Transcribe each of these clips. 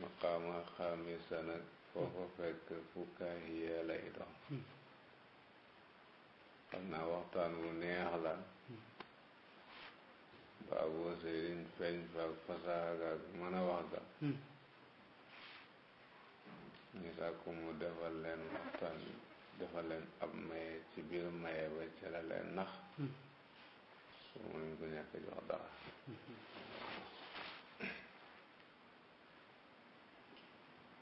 maqaama xaamisa nag foo ko fekk fukaahiya lay doon xam naa waxtaan wu neex la baabu sëriñ feeñ faak fasaxa gaag mën a wax ga ñu mu defal leen waxtaan defal leen ab maye ci biir maye ba ci leen nax su mënuñ ko ñàkk jox dara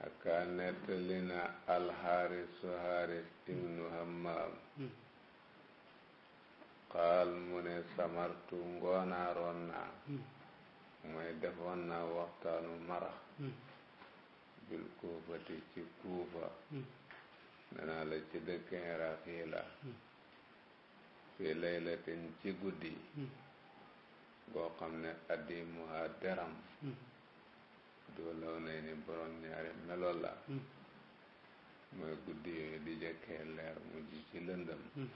aka nettali na alxaarisu xaaris ibnu hammaam hmm. qaal mu ne samartu ngoonaaroon naa hmm. mooy defoon naa waxtaanu mara hmm. bil kuufati ci kuufa nanaa la ci dëkk iraqi la fii laylatin ci guddi goo xam ne addimuha deram doo law nay ni borom melo la hmm. mooy guddi yooyu di jëkkee leer mujj ci lëndëm hmm.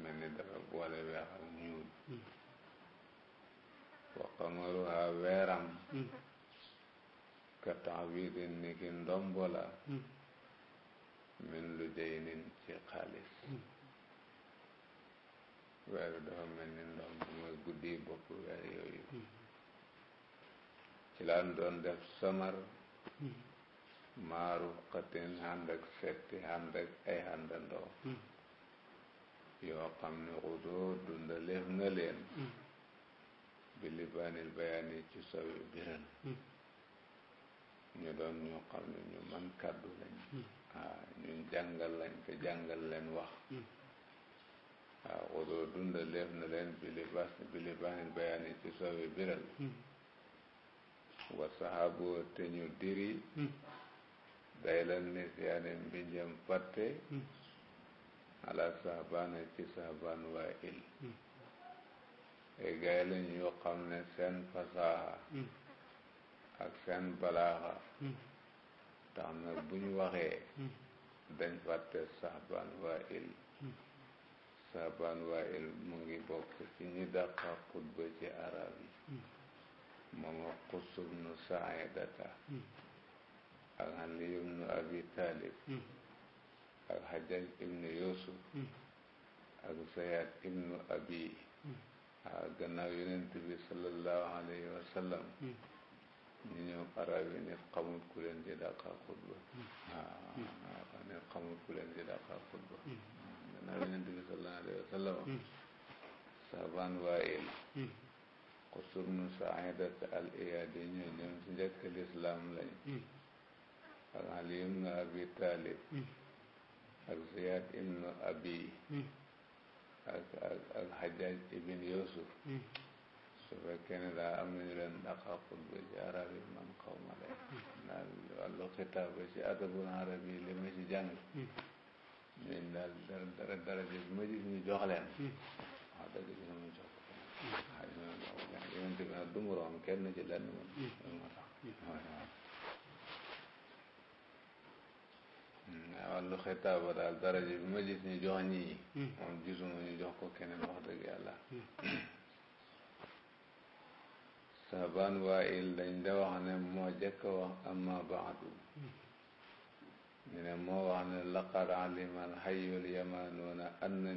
mel ni dafa boole weex ak ñuul hmm. wa qamaruha weeram ka taxwiidin ni ki ndombo la min lu jaynin ci xaalis weeru dafa mel ni mooy guddi bopp weer yooyu ci laan doon def samar hmm. maaru xatin ànd ak fetti ànd ak ay àndandoo hmm. yoo xam ne xudoo dundaleef na leen hmm. bi bayaani ci sawi biran ñu doon ñu xam ne ñu man kàddu lañ waaw ñun jàngal lañ te jàngal leen wax waaw xudoo dundaleef na leen bi bayaani ci sawi biran wa saxaaboo te ñu diri hmm. daylal nisyaane mbinjam fàtte hmm. ala saxbaana ci saxbaan waa il hmm. ay gaay yoo xam ne seen fasaaxa ak seen balaaxa tax na buñ waxee dañ fàtte saxbaan waa il saxbaan mu ngi bokk ci ñi dàqa xutba ci arab yi moom ak Quds bnu Saaidata hmm. ak Hani ibnu Abi Talib hmm. ak Hajjaj ibnu Yusuf hmm. ak Zayad ibnu Abi ak gannaaw Yonent bi sallallahu alayhi wa sallam ñu ñëw arab yi nit xamul ku leen di dàqa xutba waaw nit xamul ku leen di dàqa xutba gannaaw Yonent bi sallallahu alayhi wa sallam saabaan waayil xusubnu saidat al iyaadi ñoo ñoom si njëkk lislaam lañ ak ali ibnu abi talib ak ziyad ibnu abi ak ak ak hajjaj ibn yusuf su fekkee ne daa am nañu leen daqa xutba ci arab yi man xaw ma leen daal wàllu xitaaba ci adabul arab yi li ma ci jàng ñuñ daal dara dara bi ma gis ñu jox leen wax dëgg dina ma jox ko bi ma du mu rom kenn ci lenn daal daraja ma gis ñu jox ko keneen wax dëgg yàlla saban waayil dañ da wax ne moo jëkk a wax amma baadu ñu ne moo wax ne laqad alima alxayul yamanuuna anna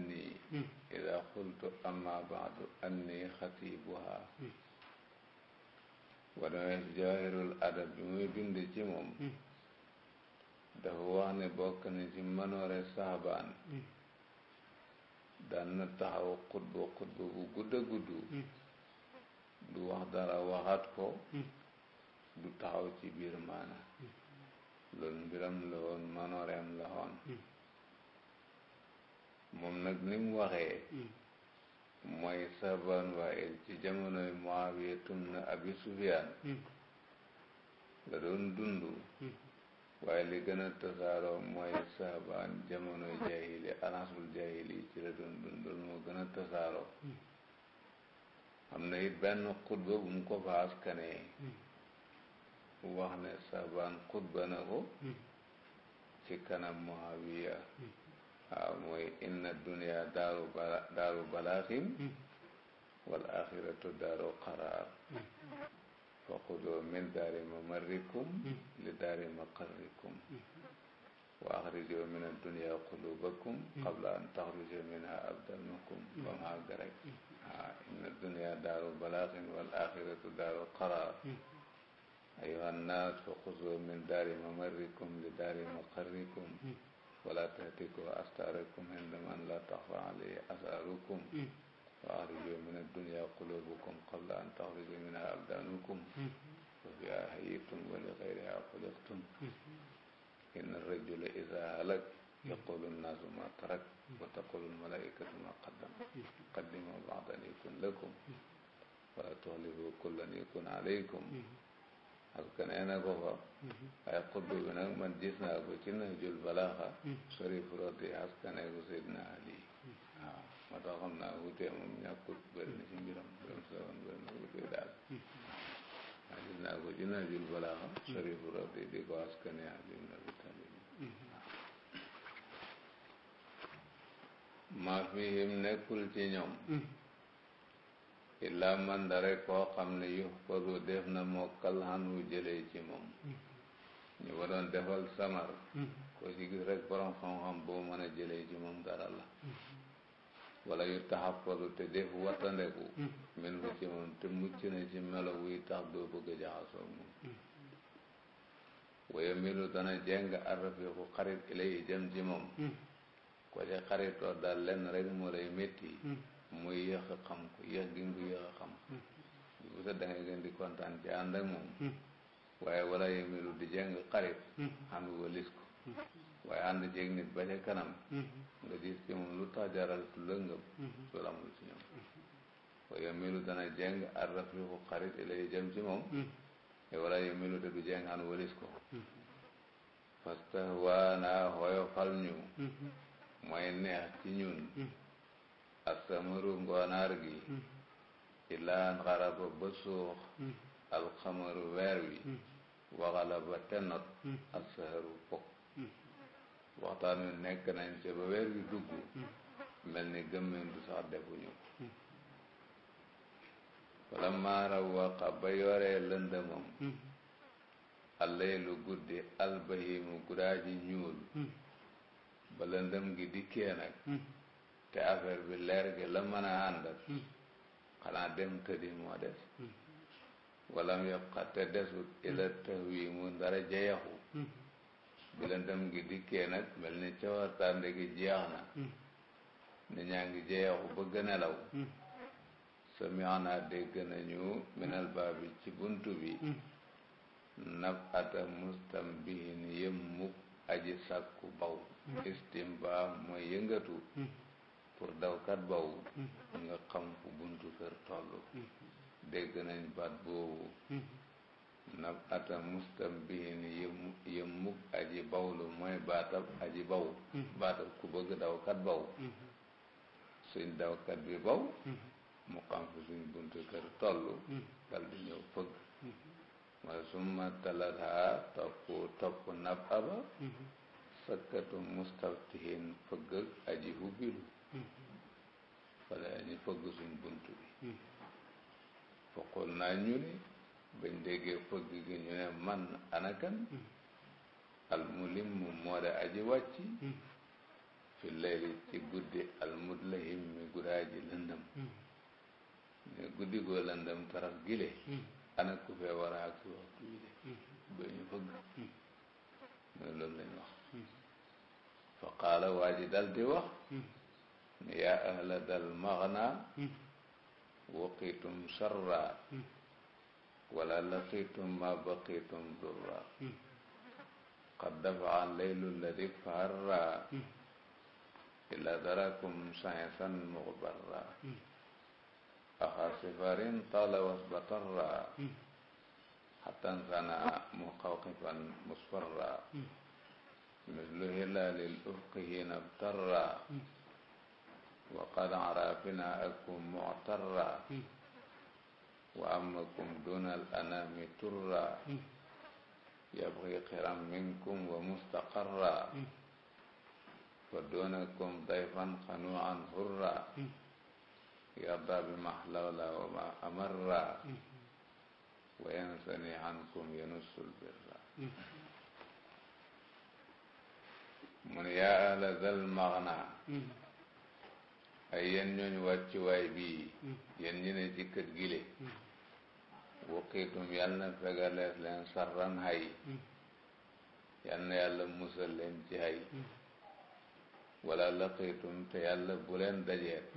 ida xultu amma baadu anni xatibuha boo demee si adab bi muy bind ci moom hmm. dafa wax ne bokk na ci manoore saxabaan hmm. daan na taxaw xutba xutba bu gudd a gudd hmm. du wax dara waxaat ko du taxaw ci biir maana loolu mbiram la woon manooreem la woon moom nag ni waxe mooy saban waayil ci jamonoy Muawiya ibn Abi Sufyaan hmm. la doon dund hmm. waaye li gën a tasaaroo mooy saban jamonoy jahili anasul jahili ci la doon dund loolu moo gën a tasaaroo hmm. am na it benn xutba bu mu ko faas kanee wax ne saban xutba na ko ci kanam Muawiya waaw ah, mooy inna dunia daaru bala daaru balaaxin hmm. wal axiratu daaru qaraar hmm. fa xudoo min daari mamarrikum hmm. li daari maqarrikum wa axrijoo min addunia qulubakum qabla an taxrujo minha abdanakum comme àgg rek waaw ah, inna dunia daaru balaaxin wal axiratu daaru qaraar ayuha annaas fa xudoo min daari mamarrikum li daari maqarrikum wala tahtiku astarakum inda man la taxfa alayhi asaarukum wa axriju min addunya qulubukum qabla an taxriju minha abdanukum wa fiha hayyitum wa li xayriha xuliqtum inna rajula ida halak yaqulu nnaasu ma tarak wa taqulu lmalaikatu ma qaddam qaddima baadan yakun lakum wala tuxlifu kullan yakun alaykum parce que nee na ko fa waaye xutba bi nag man gis naa ko ci Nahjul Balaaxa sarifu radi askane ko Seydina Ali waaw moo tax xam naa wutee moom ñàkkut bëri na ci mbiram mbiram soxna bëri na wutee daal waaw gis naa ko ci Nahjul Balaaxa sarifu radi di ko askane Ali ibn Abi Talib maa fihim nekkul ci ñoom illaa mandare koo xam ne yu fasu def na mokkal han jële jëlee ci moom ñu ko doon defal samar koo ci gis rek borom xam-xam boo mën a jëlee ci moom dara la wala yu taxa fasu te def wattandeku min fu ci moom te mucc na ci melo yi tax doo bëgg jaxasoo moom waye milu dana jeng arrafiqu xarit ilay jëm ci moom ko ci xaritoo daal lenn rek moo lay métti muy yéex xam ko yéex gi mu yéex a xam bu hmm. sa da gën di kontaan ci ànd ak moom hmm. waaye wala yemilu di jàng xarit xam nga walis ba ca kanam hmm. nga gis ci moom lu tax tu lëngëm loolu amul ci ñoom waaye yemilu dana jàng ar xarit ilay jëm ci moom te wala yemilu te du jàng an walis ko fastahwaana hoyofal ñu mooy neex ci ñun ak samaru ngoonaar gi hmm. ilaan xaraba ba suux hmm. alxamaru weer wi hmm. waxala ba tenot ak saharu waxtaan wi nekk nañ ca ba weer wi dugg mel ni gëmmen du sax defuñu ko wala maara waqa ba yoree lëndëmam allaylu guddi albahimu gudaaji ñuul ba lëndëm gi dikkee nag te affaire bi leer gi la mën a àndal hmm. xanaa dem tëddi moo des hmm. walam yabqa te desut hmm. ila tahwi mu ndara jeexu bi la dem dikkee nag mel ni cawartande gi jeex na ni ñaa ngi jeexu bëgg nelaw samiana dégg nañu minal baabi ci buntu bi nab ata mustambihin yëmmuk aji sàkku baw istimba mooy yëngatu pour dawkat boobu hmm. nga xam fu buntu kër toll hmm. dégg nañ baat boobu hmm. nab ata mustam bihin yëm mukk aji bawlu mooy baatab aji baw baatab ku bëgg dawkat baw suñ dawkat bi baw mu xam fu suñ buntu kër toll dal di ñëw fëgg mooy summa talataa topp topp nab aba sëkkatu mustaftihin fëgg aji hubbilu wala ñu fëgg suñ bunt bi hmm. foqul naa ñu ni bañ déggee fëgg gi ñu ne man anakan hmm. almulim moo de aji wàcci hmm. fi layli ci guddi almudlahim mi gudaaji lëndëm guddi goo lëndëm taraf gile ana ku fee war a agsi waxtu ba ñu fëgg ne loolu lañ wax fa qaala waa dal di wax yaa ahla dal maghna waqitum sarra wala laqitum ma baqitum durra qad dafa'a laylu alladi faharra ila darakum sa'isan mughbarra axa sifarin tala wasbatarra حتى انثنى مقوقفا مصفرا مثل هلال الأفق حين ابترا waqad arafina akum muctarra wa amakum dunal anami turra yabgi xiram minkum wa mustaqarra wa dunakum dayfan xanuan hurra yarda bi mahlawla wa ma amarra wa yansani ankum yanussul birra mun yaa ahla zal magna ay yéen ñooñu wàccuwaay bii hmm. yéen ñi ne ci kër gile hmm. waqiitum yàlla na fegaleef leen sarran hay hmm. yàlla yàlla musal leen ci hay wala laqiitum te yàlla bu leen dajeet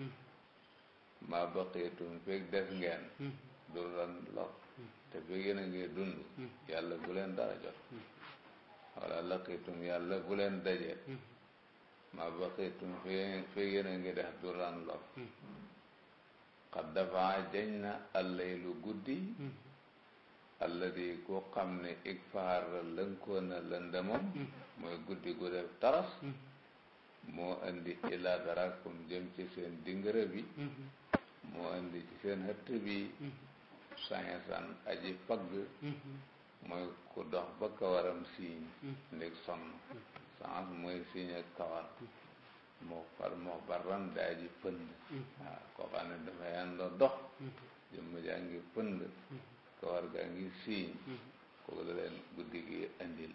maa baqiitum fekk des ngeen duran lor te fekk yéen a dund yàlla bu leen dara jot wala laqiitum yàlla bu leen dajeet ma baqitum fi fi yéen a ngi def duran lor xat hmm. dafa jañ na allay lu guddi hmm. alladi ku xam ne ik faar lënkoon na lëndëmam hmm. mooy guddi gu def taras moo andi ilaa darakum jëm ci seen dingërë bi moo andi ci seen hëtt bi sangesan aji pagg mooy ku dox ba kawaram siiñ ndég sonn sens mooy fiñe kawar moo far moo baran daa pënd waaw koo xam ne dafay dox jëmm jaa ngi pënd kawar gaa ngi siiñ kooku da leen guddi gi andil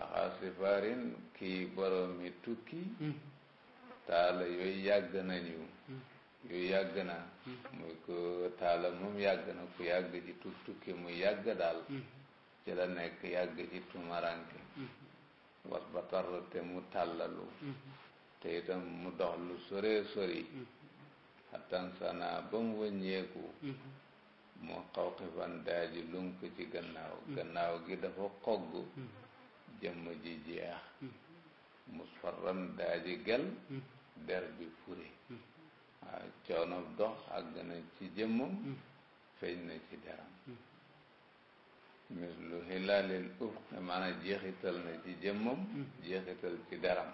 axaa sifaarin kii boroomi tukki taala yooyu yàgg nañu yooyu yàgg na muy ko taala moom yàgg na ku yàgg ji tukki mu yàgg daal ci la nekk yàgg ji tumaranke was ba tarru te mu tàllalu te itam mu dox lu sore sori xattan sana ba mu wëññeeku moo xaw xifan daaji lun ci gannaaw gannaaw gi dafa xogg jëmm ji jeex musfarran daaji gel der bi furi waaw coono dox àgg na ci jëmmam feeñ na ci deram mislu hilalil ufq maanaam jeexital na ci jëmmam mm. jeexital ci daram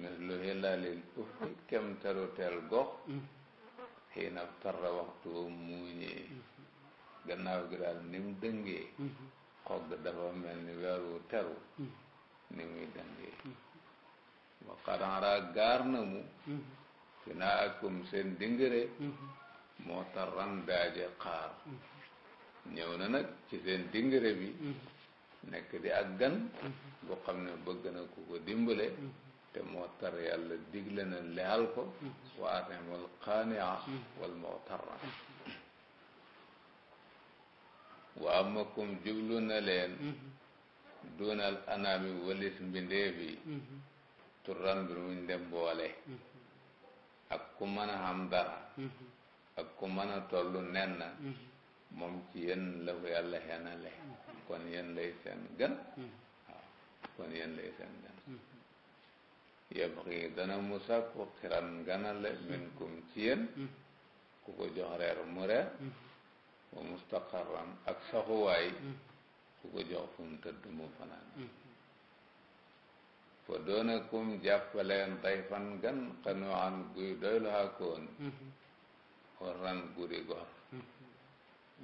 mislu mm. hilalil ufq kem taru teel gox mm. xiina tarra waxtu wa muuñee gannaaw gi daal ni mu dëngee dafa mel ni weer wu teru ni muy dëngee waqarara gaar na mu fi naa akum seen dingëre moo tarran daaje xaar ñëw na nag ci seen dingare bi mm-hmm. nekk di ak gan mm-hmm. bu xam ne bëgg na ku ko dimbale mm-hmm. te moo tar yàlla digle na lehal ko wa atimul qaania wal mutarra wa amakum jublu na leen duunal anaami walis mbindeef yi turan bi muñ dem boole ak ku mën a dara ak ku mën a toll nen moom ci yen la a yàlla xeenale mm-hmm. kon yéen lay seen gan mm-hmm. waaw kon yéen lay seen gan mm-hmm. yabxi dana mu sàkku xiran ganale minkum ci yéen ku ko jox reer mu reer wa mustaqarran ak saxuwaay ku ko jox fu mu tëdd mu fanaan fa doonakum jàppaleen day fan gan xanuwaan guy doylu haakoon waran guri gor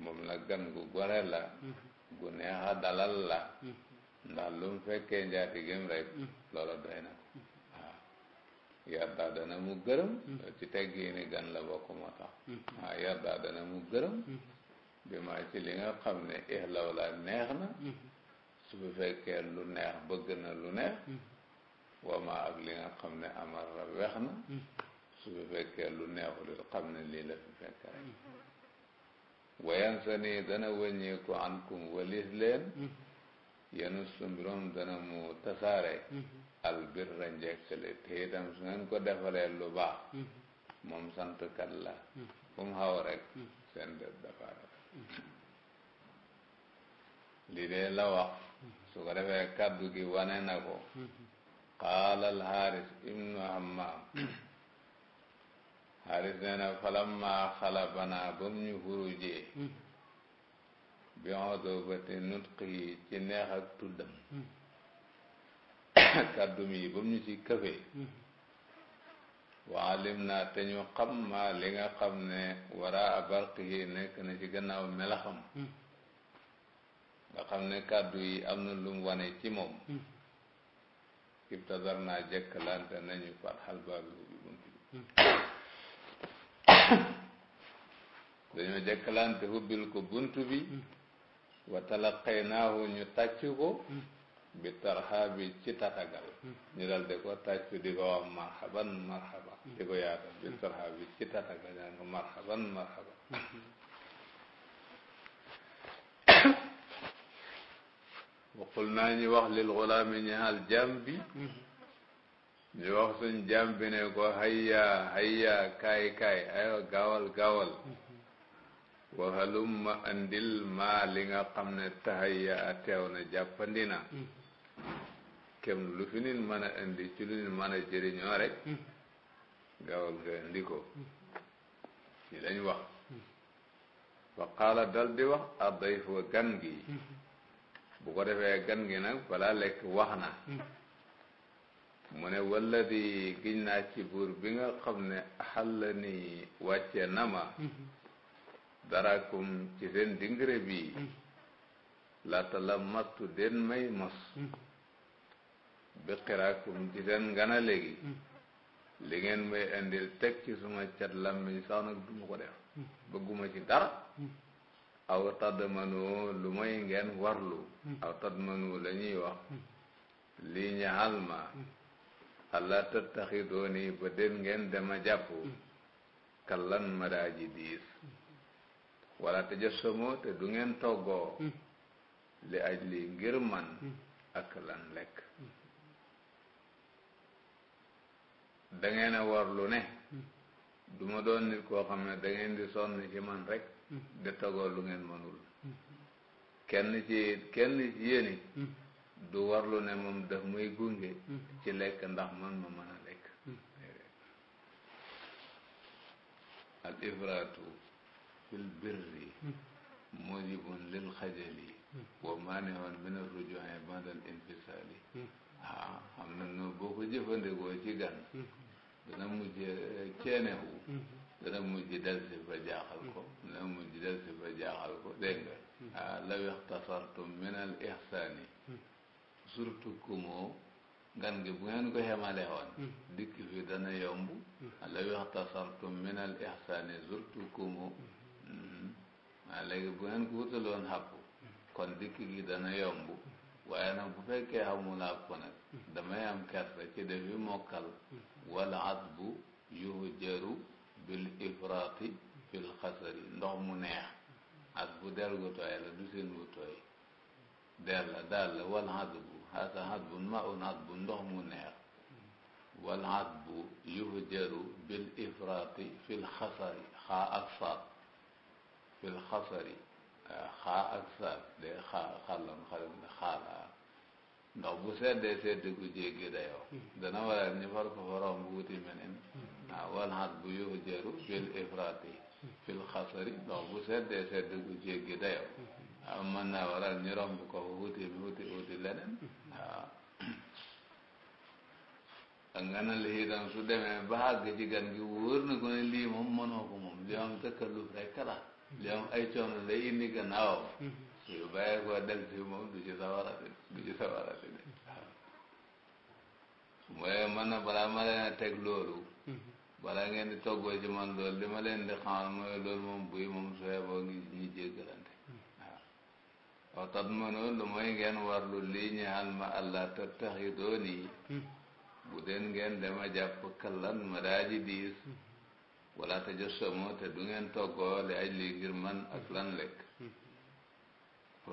moom nag gan gu gore la mm-hmm. gu neexa dalal la mm-hmm. ndax lu mu fekkee njaatigam rek mm-hmm. loola doy na ko yardaa dana mu gërëm ci teggii gan la bokk moo tax waaw yardaa dana mu gërëm bi ma ci li nga xam ne ixlaw la neex na su bu fekkee lu neex bëgg na lu neex wama ak li nga xam ne amar la na su bu fekkee lu neexul xam ne lii la fi fekk rek wayan sa nii dana wëññeeku ankum walis leen yenu su mbirom dana mu tasaare albirra njekkale te itam su ngeen ko defalee lu baax moom sant kat la fu mu xaw li dee la wax su ko defee kaddu gi wane na ko qaala alxaaris ibnu hammaam xaalis nee na falamma xalabanaa ba mu ñu furujee bi odoo ba te nutqi ci neex ak tuddam kàddum yi ba ñu ci këfee waalim naa te ñu xam maa li nga xam ne wara abarq ne nekk na ci gannaaw melaxam nga xam ne kàddu yi am na lum wane ci moom ibtadar naa jëkkalante nañu fat xal baabi ubbi bunt bi dañoo jëkkalante bil ko bunt bi wa talaqaynaahu ñu tàcc ko bi tarxa ci tatagal ñu dal di ko tàcc di ko wax marhaban marhaban di ko yaatal bi tarxa bi ci tatagal ñaan ko marhaban marhaban waqul naa ñu wax lil xulaami ñaal jaam bi ñu wax suñ jàmbi ne ko hayya hayya kaay kaay ayo gaawal gaawal mm-hmm. wa halumma andil maa li nga xam ne tahayya a teew na jàppandi mm-hmm. kem lu fi nin mën a indi ci lu rek mm-hmm. gaawal nga indi ko lañ wax fa qaala dal di wax a dayfu gan gi bu ko defee gan gi nag balaa wax na mu ne walladi giñ naa ci buur bi nga xam ne xàll ni wàcce na ma mm-hmm. darakum ci seen dingre bi laata mm-hmm. la mattu den may mos mm-hmm. bi xiraakum ci seen ngana léegi li ngeen may indil teg ci suma cat lammiñ sax nag duma ko def bëgguma ci dara aw tadmanu lu may ngeen warlu aw tadmanu la ñuy wax lii ñaxal ma allah tattaxidooni ba den ngeen dema jàpp mm. kallan maraaji diis wala te jasamo te du ngeen toggoo mm. li aj li ngir man mm. ak lan lekk da a war lu ne duma doon nit koo xam ne dangeen di sonn ci man rek de toggoo lu ngeen mënul kenn ci kenn ci yéen du warlu ne moom daf muy gunge hmm. ci lekk ndax man ma mën a lekk hmm. al ifraatu fil birri hmm. mujibun lil xajali wa maanihun min arrujuhi ba'da al infisali ah xam na noonu boo ko jëfandikoo ci gan dana mujj ceenewu dana mujj dal si fa jaaxal ko dana mujj dal fa jaaxal ko dégg nga ah, law ixtasartum min al ihsani surtout ku ngan gi bu ngeen ko xemale woon hmm. dikk fi dana yomb hmm. alaw ixtasartum min al ihsani surtout ku waaye hmm. léegi bu ngeen ko wutaloon xàpp kon dikk gi dana yomb waaye nag bu fekkee xamul àpp damay am kersa ci defi mokkal wal asbu yuhjaru bil ifraati fil xasari ndox mu neex asbu der gu tooy la du seen wu tooy der daal la wal asbu xaasa xat bu ma un xat bu ndox mu neex wal xat bu yuhjaru bil ifraati fil xasari xaa ak saat fil xasari xaa ak saat de xaa xalam xalam xaalaa ndox bu seddee sedd gu jéggi dayoo dana waral ñu far ko faroom bu wuti meneen waaw wal xat bu yuhjaru bil ifraati fil xasari ndox bu seddee sedd gu jéggi dayoo mën naa waral ñu romb ko wuti wuti wuti leneen waaw xam nga ne lii su demee ba àgg ci gi wóor na ko lii moom mënoo ko moom li am tëkkaluf rek la li am ay coono lay indi gannaawam yu bàyyee koo del si moom du ci sawarati du ci sawarati de waaw mooy man ma a teg loolu balaa ngeen di toggoo ci man loolu li ma leen di xamal mooy loolu moom buy moom sooy boo ngi ñi jéggalan wa tadmanu lu mooy ngeen warlu lii ñaal ma allah tattaxidooni hmm. bu den ngeen dema jàpp kallan ma daaji diis hmm. wala tajassamu te du ngeen toggoo li aj lii ngir man ak lan lekk hmm.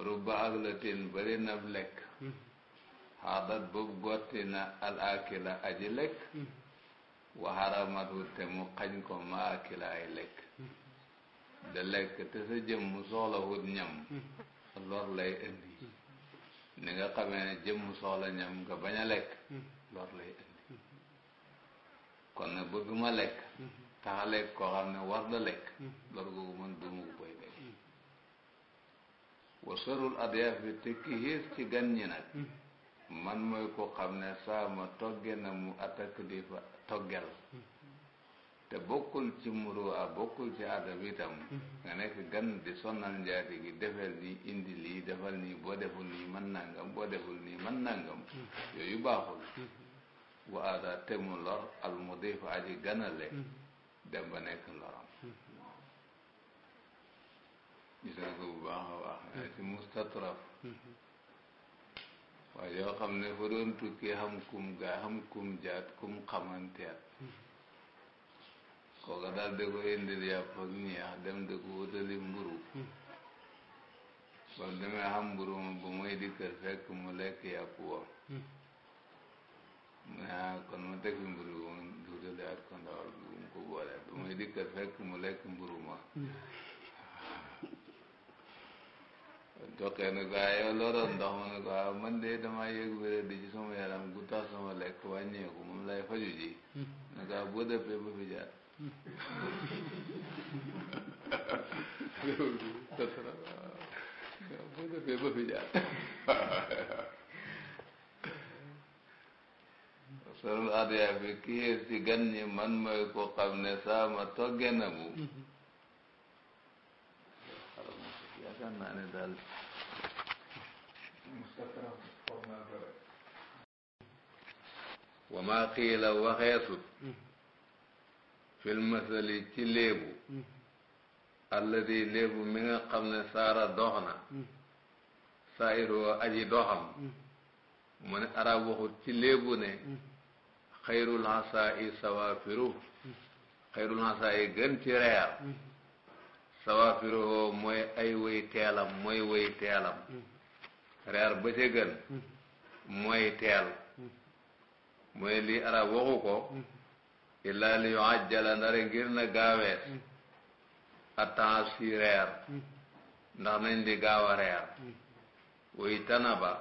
rubba ak latin bari nab lekk xaadat boobu gotti na al akila aji lekk wa wu te mu xañ ko ma akila ay lekk da lekk te sa jëmm soxla wut ñam lor lay indi ni nga xamee ne jëmm soxla ñam nga bañ a lekk hmm. lor lay indi hmm. kon nag bëgg ma lekk hmm. tax a xam ne war la lekk lor googu man duma ko koy lekk wasarul adiyaf bi te ki xiis ci gan ñi nag man mooy ko xam ne saa ma togge na mu attaque di fa toggal te bokkul ci muruwaa bokkul ci adab itam hmm. nga nekk gan di sonnal njaati gi defal nii indi defal nii boo deful nii man nangam boo deful nii man nangam hmm. yooyu baaxul hmm. wa ada te lor al mudif aji ganale dem ba nekk loram gis na ko bu baax a baax nga ci mustatraf waaye yoo xam ne fa doon tukki xam kum gaa xam kum jaat kum xamanteet kooka daal da ko indil yàpp ak ñeex dem da ko wutali mburu hmm. ba mu demee xam mburu ma ba muy dikkal fekk mu lekk yàpp woon hmm. mu ne ah kon ma teg fi mburu ma duutali at ko ndawal bi mu ko boole ba muy dikkal fekk mu lekk mburu ma jokkee hmm. ne ko ah yow loo doon ndox ma ne ko ah man de damaa yëg wéré di ci sama yaram gu tax sama lekk wàññeeku moom lay faju ji ne ko ah boo dëppee ba fi jaar loolu tasara boo defee ba fi jaar ci gan man mooy ko xam ne saama togge na mu yaakaar naa ne daal wa maa fil masali ci léebu mm-hmm. alladi léebu mi nga xam ne saara dox na mm-hmm. saayiroo aji doxam mm-hmm. mu ne arab waxut ci léebu ne xayrul xasaa i sawaafiru xayrul gën ci reer sawaafiru mooy ay way teelam mooy way teelam reer ba ca gën mooy teel mooy lii arab waxu ko illaa li yu àjjala ndare ngir na gaawees attaas fi reer ndax nañ di gaaw a reer wuy tanaba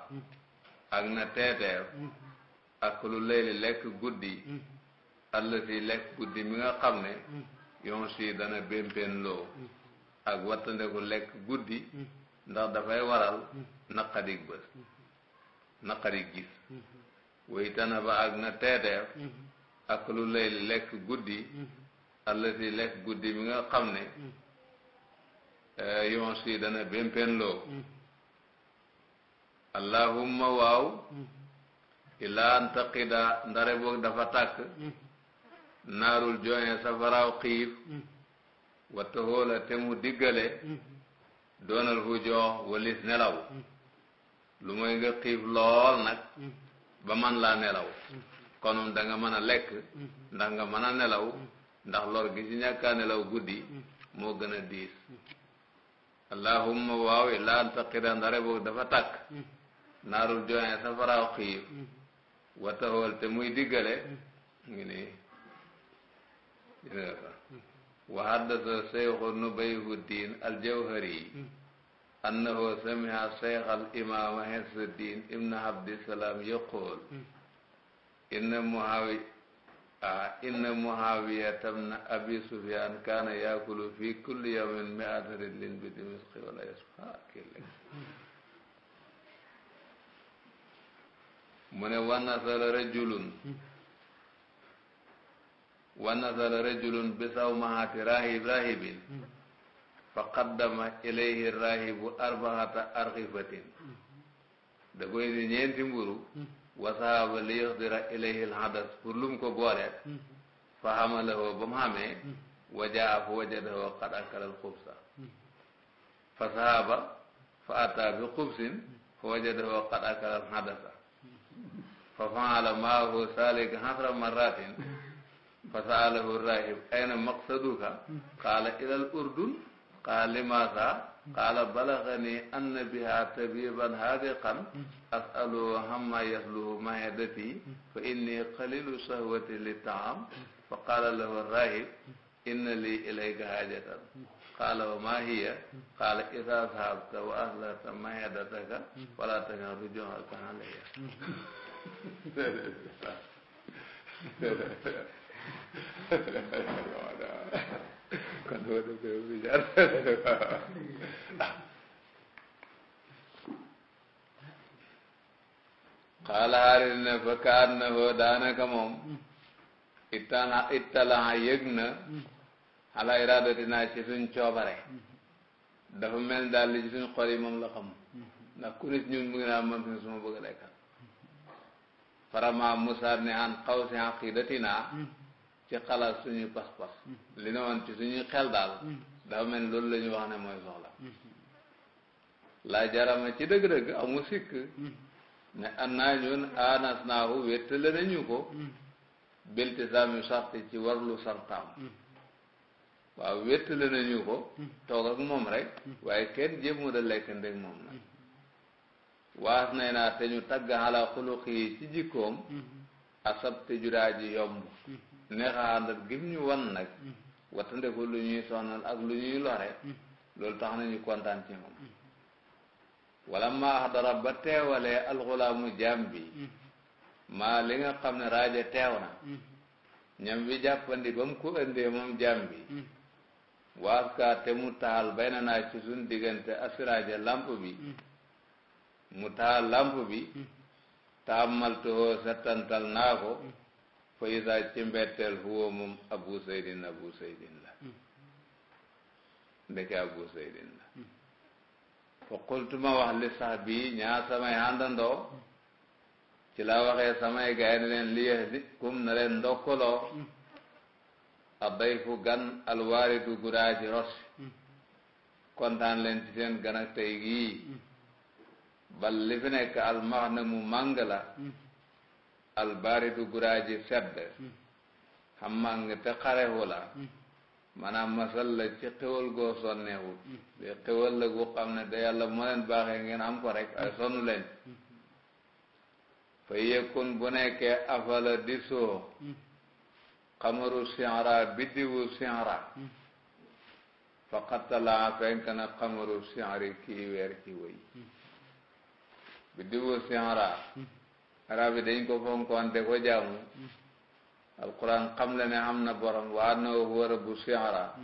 ak na teeteer ak lu leyli lekk guddi allati lekk guddi mi nga xam ne yoon si dana bémpéen loo ak wattandeku lekk guddi ndax dafay waral naqadik bës naqadik gis wuy tanaba ak na teeteer ak lu lay lekk guddi allati lekk guddi mi nga xam ne eh, yoon si dana bémpenloo allahumma waaw ilaa antaqida ndare boog dafa tàkk naarul jooñe safaraaw xiif watta xoola te mu diggale doonal fu joox nelaw lu mooy nga xiif lool nag ba man laa nelaw konum da nga mën a lekk mm-hmm. danga nga mën a nelaw mm-hmm. ndax lor gi ci ñàkkaa nelaw guddi mm-hmm. moo gën a diis allahumma waawe laa taqira ndare boog dafa tàkk naarul joxe safaraaw xiif wataxool te muy diggale ngi ni jënga fa wa haddasa seyxu nubayhu diin aljawhari annahu samiha seyx al imaama hisu diin ibn abdisalaam yaqool inna muhawi a inna muhawiya tam na abi sufyan kaana yaakulu fi kulli yawmin mi'ata ridlin bi dimisqi wala yasfa kille mu ne wa nasala rajulun wa nasala rajulun bi sawmahati rahib rahibin fa qaddama ilayhi rahibu arbaata arqifatin da koy di ñeenti mburu wasaaba li yaxdira ilayhi alhadas pour lu mu ko booleet fa xamalahoo ba mu xamee wajaa fa wajadahoo qad akala alxubsa fa saaba fa ataa bi xubsin fa wajadahoo qad akala alhadasa fa faala maahu salik hasra maratin fa saalahu rahib ayna maqsaduka qaala ila al urdun qaala limaasa qaala balagani anna biha tabiban haadiqan asaluhu amma yasluhu mahidati fa inni qalilu sahwati li taam fa qaala lahu rahib inna li ilayka haajatan qaala wa ma hiya qaala ida sahabta wa aslahta mahidataka wala taga rujuhaka alayya kon wala ne fa kaat na fa daanaka moom ittala yëg na xalaa iradatina ci suñ coobare dafa mel daal li ci suñ xol yi moom la xam ndax ku nit ñun mu ngi naa man suñu suma bëgg a lekkal farama Moussa an xaw si aqidatina ci xalaat suñuy pas-pas mm-hmm. li ne woon ci suñuy xel daal mm-hmm. dafa mel ni loolu la ñu wax ne mooy soxla mm-hmm. laa jarama ci dëgg-dëgg amu sikk ne an naa ñun anas naahu wéttale nañu ko biltisaami sarti ci warlu sartaam waaw wéttale nañu ko toog ak moom rek waaye kenn jéemu da lekk ndeg moom nag waas nay naa te ñu tagg xalaa xuluq yi ci jikkoom asabte juraaji yomb neexaadab gim ñu wan nag mm-hmm. wattandeku lu ñuy sonal ak lu ñuy lore mm-hmm. loolu tax nañu kontaan ci moom wala maa axdara ba teewalee alxulaamu jaam bi mm-hmm. maa li nga xam ne raaja teew na ñam bi jàppandi ba mu ko indee moom jaam bi waas te mu taal bay na naa ci suñ diggante asiraaja lamp bi mu taal làmp bi taamaltuhoo settantal naa ko Fayiza ci mbetteel huwa moom Abu Seydin Abu Seydin la hmm. ndeke Abu Seydin la fa qultu ma wax li sax bii ñaar samay àndandoo ci laa waxee samay gaay yi ne leen li yahdikum na leen ndokkaloo hmm. addayfu gan alwaaridu gudaa ros hmm. kontaan leen ci seen gan tey gii bal li fi nekk almax na mu màng la albaridu guraaji sedd hmm. xammaa ngi te xarewu la hmm. maanaam masal la ci xewal goo sonneewu li hmm. xewal la gu xam ne da yàlla moo leen baaxee ngeen am ko rek ay sonn leen fa yëkkun bu nekkee afala di soo xamaru sienra biddiwu sienra fa xattalaa fenk na xamaru sienri kii weer ci wëy biddiwu sienra arab yi dañ ko fonkoon te ko jaamu alquran xam la ne am na borom waa na wóor a siara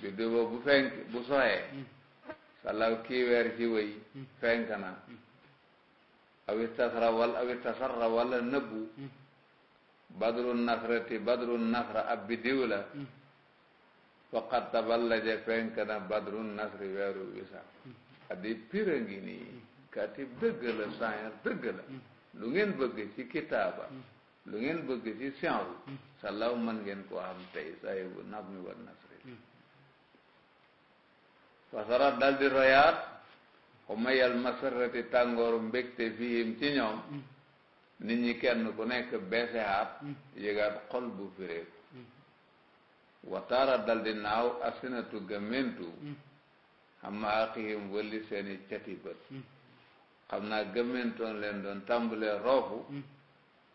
bi duba bu fenk bu soxee salaw kii weer ci wëy fenk na awi tasra wala awi tasarra wala nëbbu badru nasrati badru la faqat taballaja fenk na badru nasri weeru wisa adi pira ngi kati dëgg la science lu ngeen bëgg ci kitaaba mm. lu ngeen bëgg ci science mm. salaw man ngeen koo xam tey saa yu nab mi war nasri mm. fasara dal di royaat xumayal masarati tàngooru mbégte fiim ci ñoom nit ñi kenn ku nekk beesehaat yëgaat xol bu fireeku wataara dal di naaw asinatu gamentu xam ma aqihim wëlli seeni cati bët xam naa gëmmentoon leen doon tàmbalee roofu mm.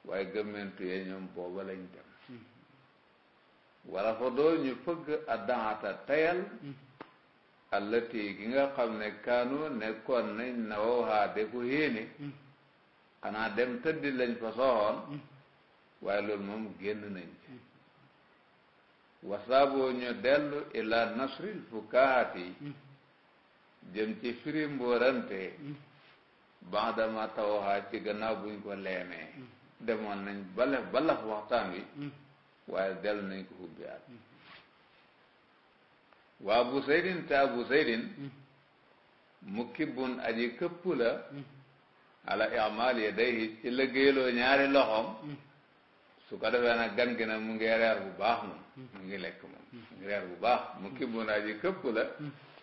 waaye gëmmentu yee ñoom booba lañ dem mm. wala fa doo ñu fëgg a daxata tayal mm. allati gi nga xam ne kaanu nekkoon nañ na wow haa de ko yéene xanaa dem tëddi lañ fa soxoon waaye loolu moom génn nañ ci wasaaboo ñu dellu ila nasril fukahaati jëm ci firi bandama tawaxaa ci gannaaw buñ ko leemee demoon nañ bale balaf waxtaan wi waaye dellu nañ ko hubbi at waa bu saydin te abu saydin mu kibbun aji këpp la ala imal yadayhi ci liggéeyloo ñaari loxoom su ko defee nag gan gi nag mu ngi reer bu baax moom mu ngi lekk moom mu ngi reer bu baax mu kibbun aji këpp la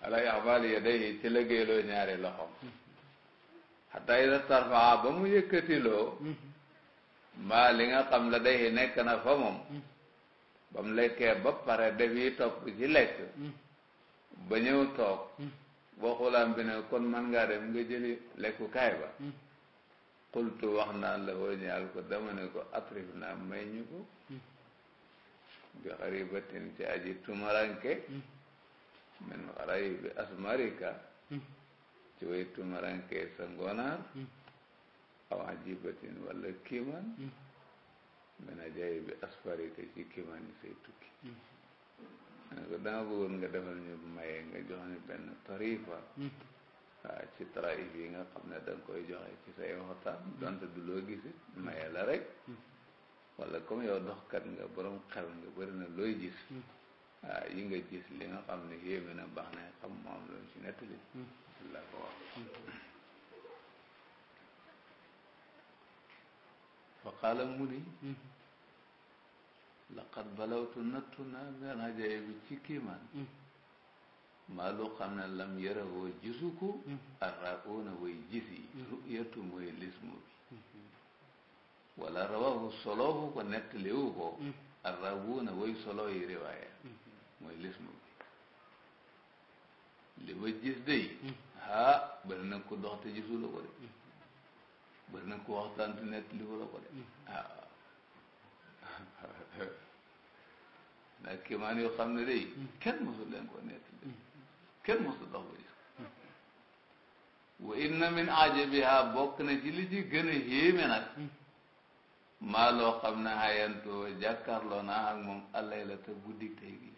ala imal yadayhi ci liggéeyloo ñaari loxoom xataa ida tarfaa ba mu yëkkatiloo maa li nga xam la day nekk na fa moom ba mu lekkee ba pare def yi topp ci lekk mm-hmm. ba ñëw toog mm-hmm. boo xulaam bi ne kon man ngaa dem nga jëli lekkukaay ba xultu mm-hmm. wax naa la woo ñaal ko dama ne ko atrif naa may ñu ko bi xaribatin ci aji tumaranke min xarayi bi asmarika ci way tumurankee sa ngonaar aw ajibatin walla kiiman min ajaay bi asfarika ci kiiman yi say tukki ne bëggoon nga defal ñu maye nga jox ñu benn tarifa waaw ci taraif yi nga xam ne danga koy joxe ci say waxtaan donte du loo gisit maye la rek wala comme yow doxkat nga borom xel nga bëri na looy gis waaw yi nga gis li nga xam ne yéeme na baax na xam moom lu ci nettali la ko wax fa qaala mu ni mm-hmm. laqad balawtu nattu naa min ajaa'ibi ci kiimaan mm-hmm. maa lu xam ne lam yarawoo gisu ko mm-hmm. arraawna way gis yi ru'yatu mooy lismu bi wala rawahu soloohu ko nettaliwu ko arraawna way soloo yi riwaaya mooy lismu bi li ma gis day ah bëri ku dox te gisu la ko de bëri na ku waxtaan te nekk li la ko de ah ndax kéemaan yoo xam ne day kenn mosu leen ko nekk de kenn dox ba gis wa inna min ajabiha bokk na ci li ci gën a yéeme nag maa loo xam ne hayantoo jàkkaarloo naa ak moom allay la te guddik tey gi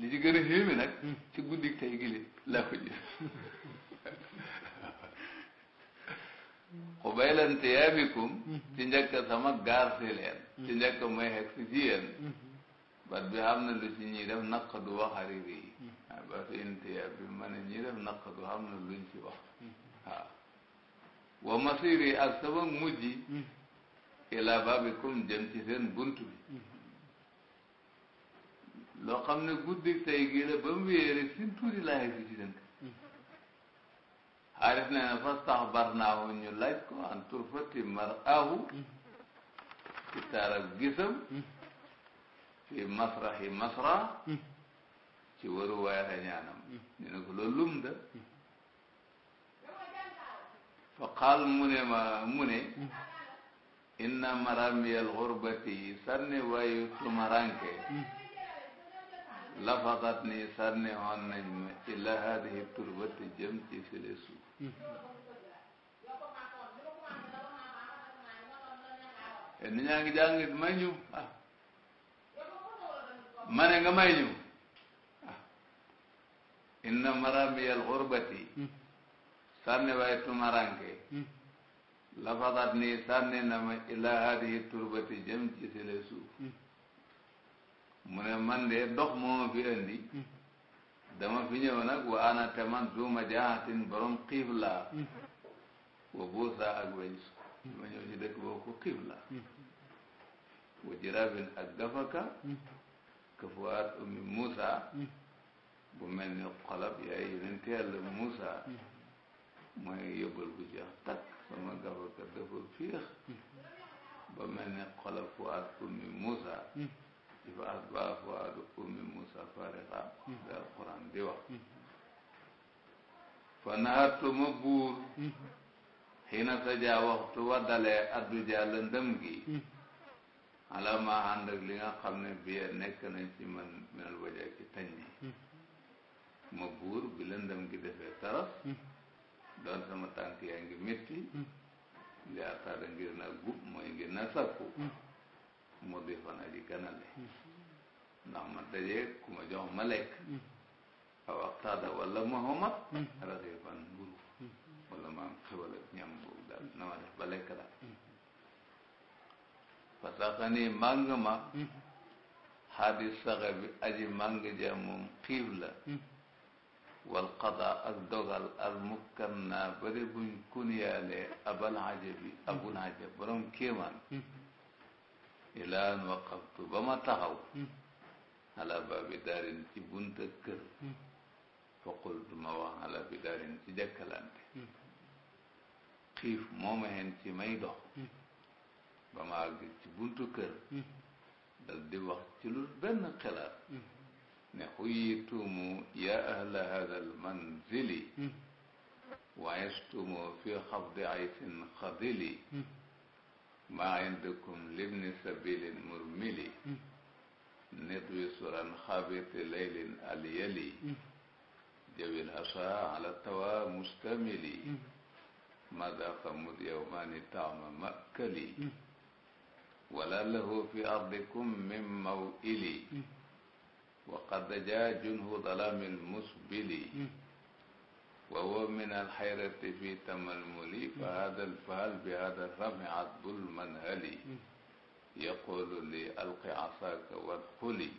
li ci gën a yéeme nag ci guddik tey gi la ko gis xubayla mm-hmm. intiyaabikum mm-hmm. mm-hmm. ci njëkk sama gaar si leen ci njëkk may xeg si ci yéen bat bi xam na lu ci ñuy def naqadu wax hariri yi waaw ah, ba fi intiyaab bi ma ne ñuy def naqadu xam na luñ ci wax waaw ah. wa masir yi ak sama mujj ilaa baabikum jëm ci seen bunt bi loo xam ne guddi tey gii la ba mu wéere sin tuuti laa xeg si ci dënk xaalis nee na fastaxbarnaahu ñu laaj ko an turfati mar'ahu ci taarab gisam fi masrahi masra ci waru waay reñaanam ñu ne ko loolu lum da fa qaal mu ne ma mu ne inna maramiyal xurbati sànni waayu tumaranke lafaxat ni sànni woon nañ ma ila hadihi turbati jëm ci file suuf te hmm. eh, nit ñaa ngi jàngit may ñu ah nga may ñu ah inna maramiyal xurbati hmm. sànni waay tumaranke hmm. lafatat nii sànni na ma ila hadihi turbati jëm ci sele suuf mu ne man de dox moo ma fi andi dama fi ñëw nag wa ana te man zuuma wa buusa ak weñ dama ñëw ci dëkk boobu ko wa jirabin ak gafaka kafuwaat ummi Moussa bu mel ni xolab yaay yeneen teel Moussa mooy yóbbal bu jeex takk sama gafaka dafa féex ba mel ni xolab fuwaat ummi Moussa ci ba asbaafuwaadu ummi Musa fariqa mm-hmm. bi alquran di wax mm-hmm. fa naatuma buur xiina mm-hmm. sajaa waxtu wa dalee adduja lëndëm gi ala ma ànd li nga xam ne bi nekk nañ ci man minal waja ci tañ ma buur bi lëndëm gi defee taras doon sama tànk yaa ngi métti ngi ataada ngir na gub mooy ngir na sakku mu di fan aji ganale ndax ma dajee ku ma jox ma lekk aw aqtaada walla ma xomat rasifan mburu walla ma am xewal ak ñam boobu daal na ma def ba lekk daal fa saxani màng ma xaadi saxe bi aji màng ja moom xiif la wal qada ak dogal al mukkan naa bare buñ kun yaalee abal ajab bi abul ajab borom kéemaan ilaa an waqaftu ba ma taxaw hmm. ala baabi daarin ci bunta kër hmm. fa qultu ma wax ala bi daarin ci jàkkalante hmm. xiif moo ma hen ci may dox ba ma àgg ci buntu kër dal di wax ci lu benn xelaat ne xuyitumu ya ahla hada almanzili wa estumu fi xabdi aysin xadili maa indakum libni sabilin murmili hmm. netwi suran xabiti laylin alyali hmm. jawil asa ala tawa mustamili hmm. mada xamut yowmani taama makkali wala lahu fi ardikum min mawili wa qad jaa junhu dalamin musbili wa huwa min alxayrati fi tamalmuli fa hada fahal bi hada rami adbul manhali yaqulu li alqi asaka wadxuli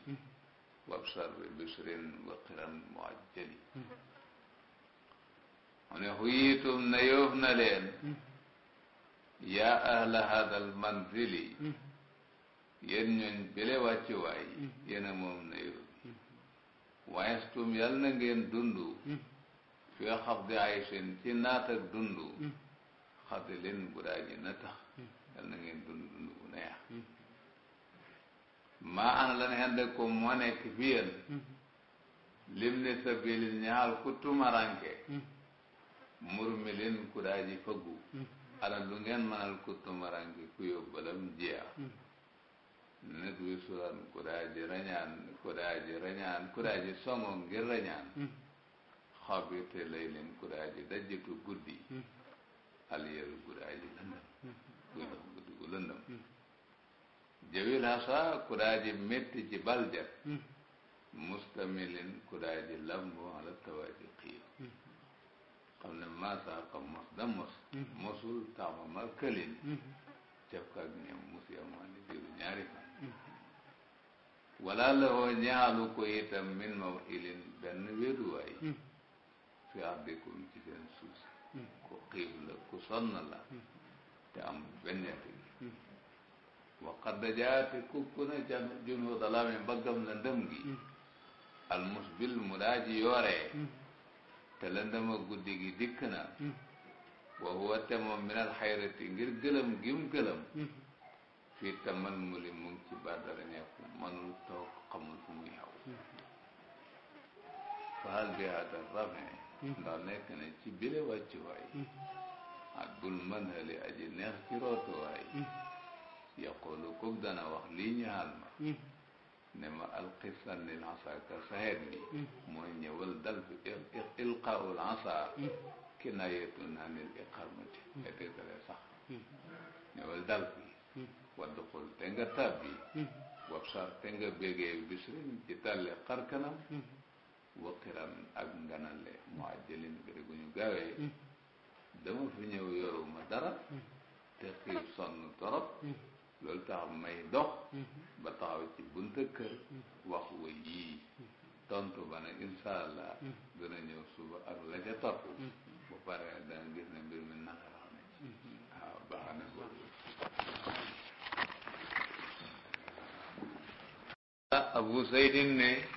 wabsar bi bisrin wa qiran muajjali mu ne xuyitum na yóof na leen yaa ahla hada almanzili yéen ñooñ bile wàcci waay yéen a moom na yóof waaye stum yàlla na ngeen dundu fi nga xab di aysin ci naat ak dund xadi hmm. leen daa ji na hmm. yal na ngeen dund dund bu neex hmm. maa ana lan xende ko moo lim ne sa ñaal ku tumaranke murmilin ku daa ji faggu ana lu ngeen mënal ku tumaranke ku yóbbalam jiya nit wi suran ku daa ji rañaan ku daa ji songo ngir rañaan xabite laylin kuraaji dajjitu guddi hmm. aliyeru kuraaji lëndëm hmm. Hmm. kuy dox guddi gu lëndëm jawil hasa kuraaji métti ci baljat mustamilin kuraaji lambo ala tawaaji xiir xam ne maasaaka mos da mos mosul taama markalin cap kaak ñam mus yamaani diiru ñaari fan wala la hoo ñaalu ko itam min mawilin benn wéeruwaay fi ardikum ci seen suuf si ku xiif la ku sonn la te am benn njëriñ mm. wa qad jaati kukku na ca junoo dalaame mbaggam la ndëm gi mm. al musbil mu daa ji yooree mm. te la ndëma guddi gi dikk na wa huwa te moom min al xayrati ngir gëlëm gim gëlëm fii tamal mu li mu ngi ci bàddara ñeeku mënul toog xamul fu muy xaw faal bi hada rame ndax nekk na ci bile wàccuwaay mm. abdul manhali aji neex ci rootuwaay mm. yaqulu kub dana wax lii ñaal ma mm. ne ma alqisannil asaka saxeet bi mooy ñëwal dal fi ilqaul asa kinayetun anil iqamati e tegtale sax ñëwal dal fi wadduxul te nga tabbi wabsar te nga bégee bisrin ci tàlli xarkanam wakiran ak nganale mu ajjalin gëri gu ñu gaawee hmm. dama fi ñëw yoruma dara hmm. te xiif sonn torop hmm. loolu tax may dox ba taxaw ci bunta kër wax wa tontu ba ne insha allah dina ñëw suba ak la ca topp bu pare danga gis ne mbir mi naqarax ne waaw baax abu saydin ne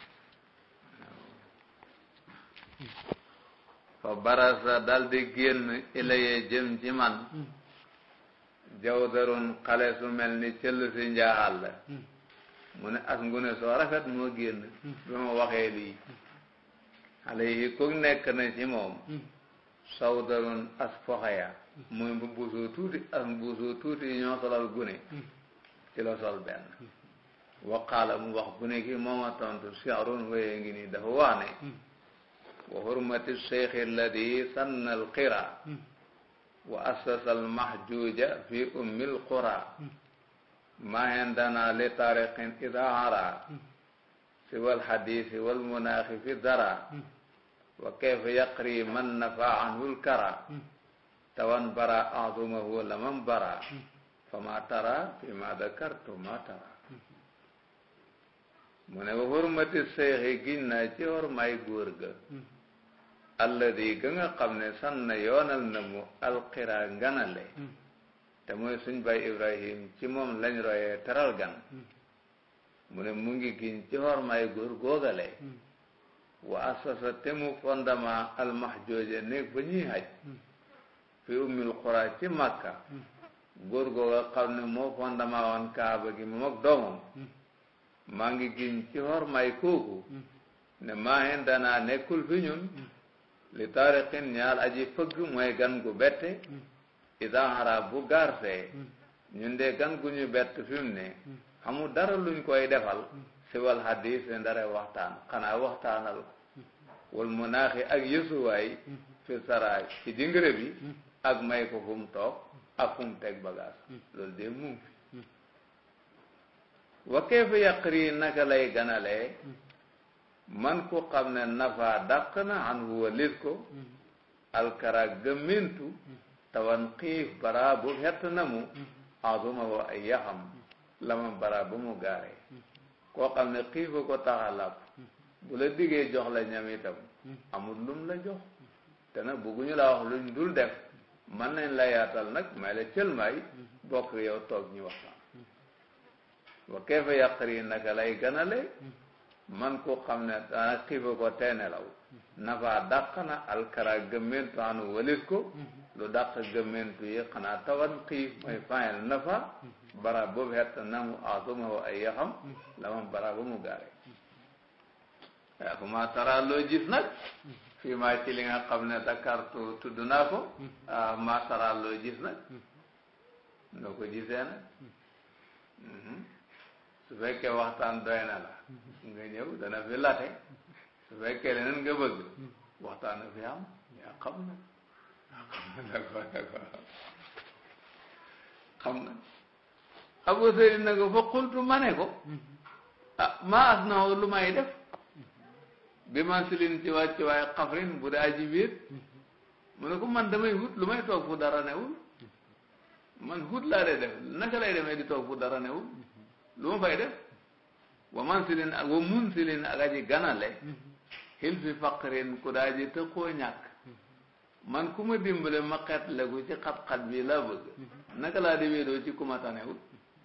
fa barasa daldi génn ilaye jëm ci man hmm. jawdarun xale su mel ni cëll si njaaxal la hmm. mu ne as ngune soo rafet moo génn hmm. bi ma waxee lii xale yi ku nekk na ci moom sawdarun as foxaya muy mbuusoo tuuti as mbuusoo tuuti ñoo solal gune ci la sol benn waqaala mu wax gune ki mooma tontu siarun waye ngi nii dafa wax ne wa hurmati sheikh alladi sanna alqira hmm. wa assasa almahjuja fi ummi alqura hmm. ma indana li tariqin ida ara hmm. siwa alhadisi walmunaaxi fi dara wa kayfa yaqri man nafa anhu alkara tawan bara azumahu laman bara fama tara fi ma dakartu ma tara mu ne wa hurmati sheikh giñ naa ci hormaay góor ga alladi ga nga xam ne san na yoonal na mu alqiraa ganale te mooy suñ bay ibrahim ci moom lañ royee taral gan mu ne mu ngi giñ ci hormaay góor góogale wa asasa te mu fondement almahjooje néeg ba ñuy haj fi ummil qura ci makka góor googa xam ne moo fondement woon kaaba gi moom ak doomam ngi giñ ci hormaay kooku ne maa hen danaa nekkul fi ñun li taariqin ñaal aji fëgg mooy gan gu bette isaara bu garsee ñun de gan gu ñu bett fi ne xamul dara luñ koy defal si wal hadis ne ndare waxtaan xanaa waxtaanal ko wal mu naaxi ak yësuwaay fi saraay ci dingre bi ak may ko fu mu toog ak fu mu teg bagaas loolu de mu ngi fi wa naka lay ganalee man ku xam ne nafa dàq na an walit ko mm-hmm. alkara gëmmintu mm-hmm. tawan xiif bara bu xett na mu mm-hmm. azuma wa ay yaxam lama bara bu mu gaare koo xam ne xiifa ko taxa làpp bu la diggee jox la ñam itam amul lum la jox te nag bëgguñu laa wax luñ dul def mën nañ la yaatal nag may la cëlmaay bokk yow toog ñu waxtaan wa keefa yàqari naka lay ganale man ko xam ne dana xiiba ko tey nelaw nafa dàq na alkara gëmmentu anu walis ko lu dàq gëmmentu yi xanaa tawan xiif mooy fayel nafa bara boobu xet nangu asuma wa ay yaxam bara ba mu gaare waaye ma tara loo gis nag fii maa ci li xam ne Dakar tu tudd naa ko ah, ma tara loo gis nag noo ko su fekkee waxtaan doy na la nga ñëw dana fi late su fekkee nga bëgg waxtaan na fi am yaa xam na d'accord d'accord xam na Abu Seydi na ko fa qultu ma ne ko ah maa as lu may def bi ma silin ci wàcc waaye xafrin bu dee aji mu ne ko man damay wut lu may toog fu dara newul man wut laa de def naka lay demee di toog fu dara newul lu ma fay def wa mansilin ak wa munsilin ak aji ganale xil fi faqrin ku daa ji te koo man ku ma dimbale ma xeetle ku ci xat-xat bi laa bëgg naka laa di wéedoo ci ku ma tanewul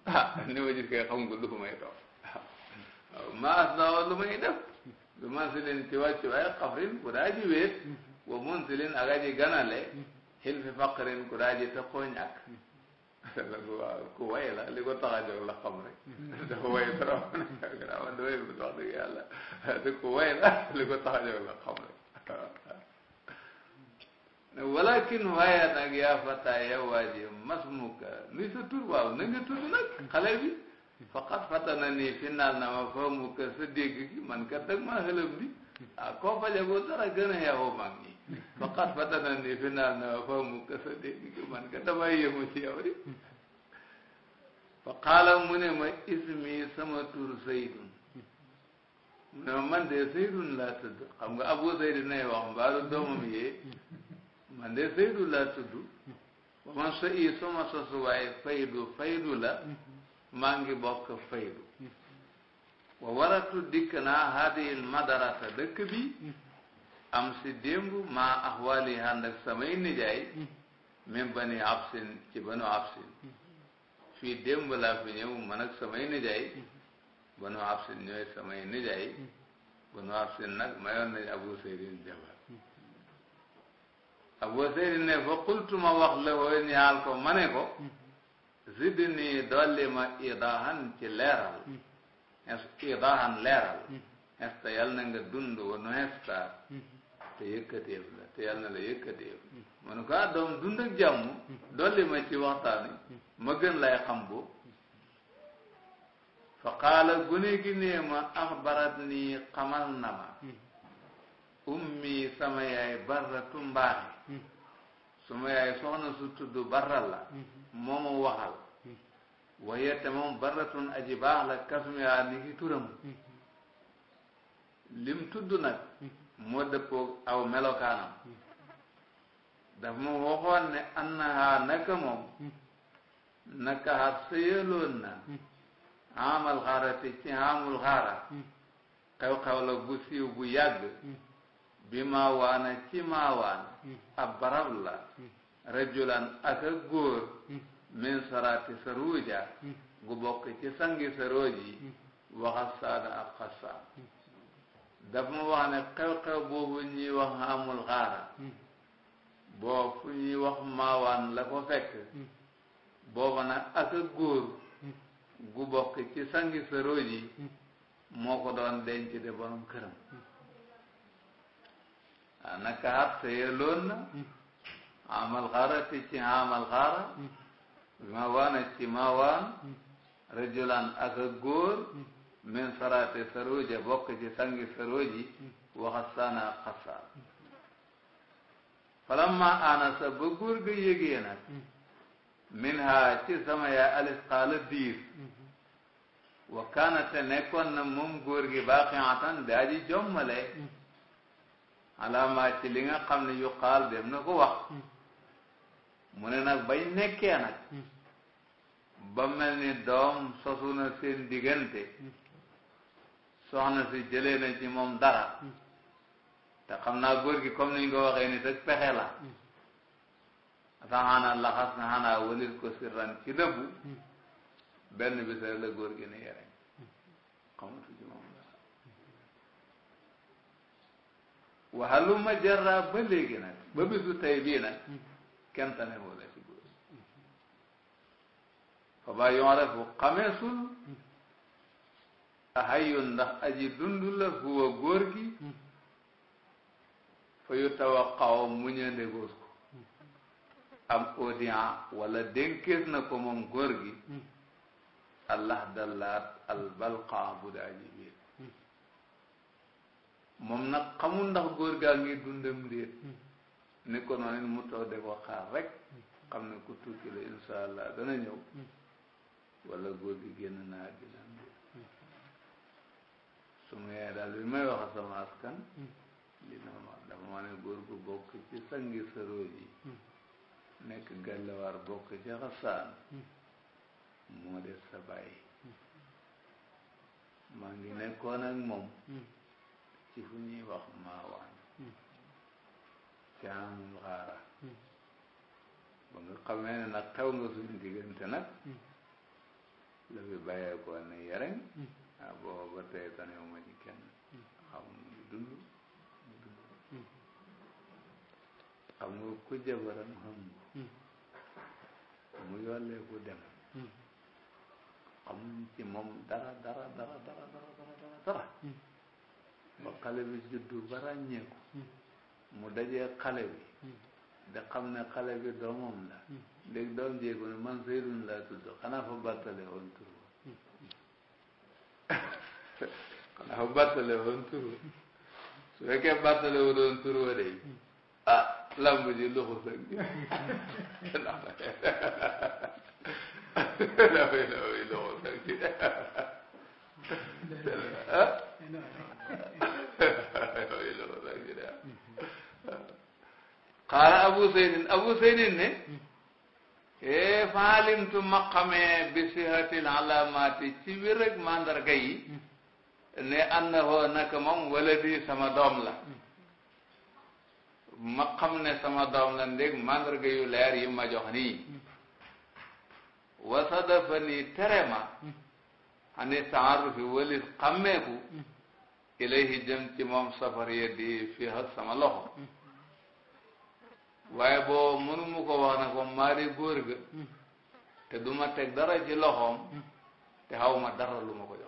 ah ni ma gis koy xam nga lu may toog ma asdawa lu may def lu mansilin ci wàccu waaye xafrin ku daa ji wéet wa munsilin ak aji ganale xil fi faqrin ku daa ji te koo waaw li ko tax a jóg la xam rek dafa way trop gannaaw da way wax dëgg yàlla te ku way la li ko tax a jóg la xam rek walakin waaye nag yaa fata ya waaji masmuka ni sa tur waaw na tur nag xale bi faqat fatana nii final na ma fahmuka sa dégg gi man kat dag maa xëlam ah koo fajago dara gën a mag ñi faqat fatanani fi naan na fa mu kasa dégg man nga damay yëngu ci yow di fa qaala mu ne ma ismi sama tur Seydun mu ne ma man de Seydun laa tudd xam nga Abu Seydi nay wax mbaalu doomam yee man de Seydu laa tudd wa man so i sama sosuwaay faydu faydu la maa ngi bokk faydu wa dikk naa haadihil madarasa dëkk bi am si démb maa axwaali ànd ak samay nijaay même bani absin ci banu absin fii démb laa fi ñëw man ak samay nijaay banu absin ñooy samay nijaay banu absin nag mayoon nañ abu seydin jabar abu seydin ne fa qultuma wax la woo ñaal ko ma ne ko zidni dolli ma idaahan ci leeral idaahan leeral hesta yal na nga dund wanu hesta te yëkkateef la te yàlla na la yëkkateef ma ne ko ah doom dund ak jàmm dolli ma ci waxtaan ma gën lay xam bo fa qaala gune gi nee ma axbarat nii xamal na ma ummi sama yaay barratu mbaaxi sama yaay soxna su tudd barra la moo ma waxal waaye te moom barratun aji baax la kasum yaa ni ki turam lim tudd nag moo dëppoog aw melokaanam dafa ma waxoon ne annaha naka moom naka ha sëyaloon na amal xaara ci amul xaara xew-xew la bu siiw bu yàgg bi maawaana ci maawaan ab barab la rajulan ak a góor min sarati saruuja gu bokk ci sangi sarooji waxas saada ak xassaan daf ma wax ne xew-xew boobu ñuy wax amul xaara hmm. boo fu ñuy wax maawaan la ko fekk hmm. booba nag ak a góor hmm. gu bokk ci sangi sarooj yi moo ko doon denc de borom këram waa ah, naka xat sa yelloon na amal xaara te ci amal xaara maawaan ci maawaan rajulan ak a góor min sarate saroja bokk sangi saroji wa xasaana ak xasaan falamma anasa ba góor ga yégee nag min ha ci sama yaay alis xaala diir wa kaana te nekkoon na moom góor gi baaqi atan daa jommale alaamaa ci li nga xam ne yu dem na ko wax mu ne nag bañ nekkee ba mel ni doom sosu na seen diggante soxna si jëlee na ci moom dara te xam naa góor gi comme niñ ko waxee ni teg pexe la ata xanaa laxas na xanaa walit ko sirran ci dëbbu benn bis rek la góor gi ni yereñ xamatu ci moom dara ba léegi nag ba bisu tey bii nag kenn tane wala ci góor fa ba yoon refu xameesul yoon ndax aji dund la huwa góor gi hmm. fa yu tawaqaw mu ñëndegoos ko am audience wala dénkees na ko moom góor gi hmm. allah dallaat balqa bu daa ji hmm. moom nag xamul ndax góor gaa ngi dundam déet ni ko noonu mu toog ko xaar rek xam ne ku tukki la incha allah dana ñëw wala góor gi génn naa dina su ma yaay daal bi may wax sama askan li na dafa ma ne góor gu bokk ci sangi saroo ji nekk gàllawaar bokk ci xasaan moo des sa bàyyi maa ngi nekkoon ak moom ci fu ñuy wax maawaan caamul xaara ba nga xamee ne nag xew nga suñu diggante nag la fi bàyyeekoo ne yareñ ah booba ba tey tane ma ci kenn xam nga dund xam nga ku jabaram xam mu yollee ku dem xamuñ ci moom dara dara dara dara dara ba xale bi juddu ba ràññeeku mu dajee xale bi da xam ne xale bi doomam la léegi doom jéego ne man Seydun laa tudd xanaa fa bartale woon tur xanaa bu bàttale woon turu su fekkee bàttale wu doon turu wa dey ah lamb ji luxu sëg dafay dafay luxu sëg di ah dafay luxu sëg di ah xaala abu seydin abu seydin ne ee faalimtu ma xamee bi sihatil alaamaati ci biir rek mandarga yi ne annahu naka moom waladi sama doom la ma xam ne sama doom la ndég màndarga yu leer yi ma jox nii wa sadafa nii tere ma xani taarufi walis xàmmeeku ilayhi jëm ci moom safar yeddi fii ak sama loxo waaye boo mënu mu ko wax na ko maari góor ga te du ma teg dara ci loxoom te xaw ma dara lu ma ko jox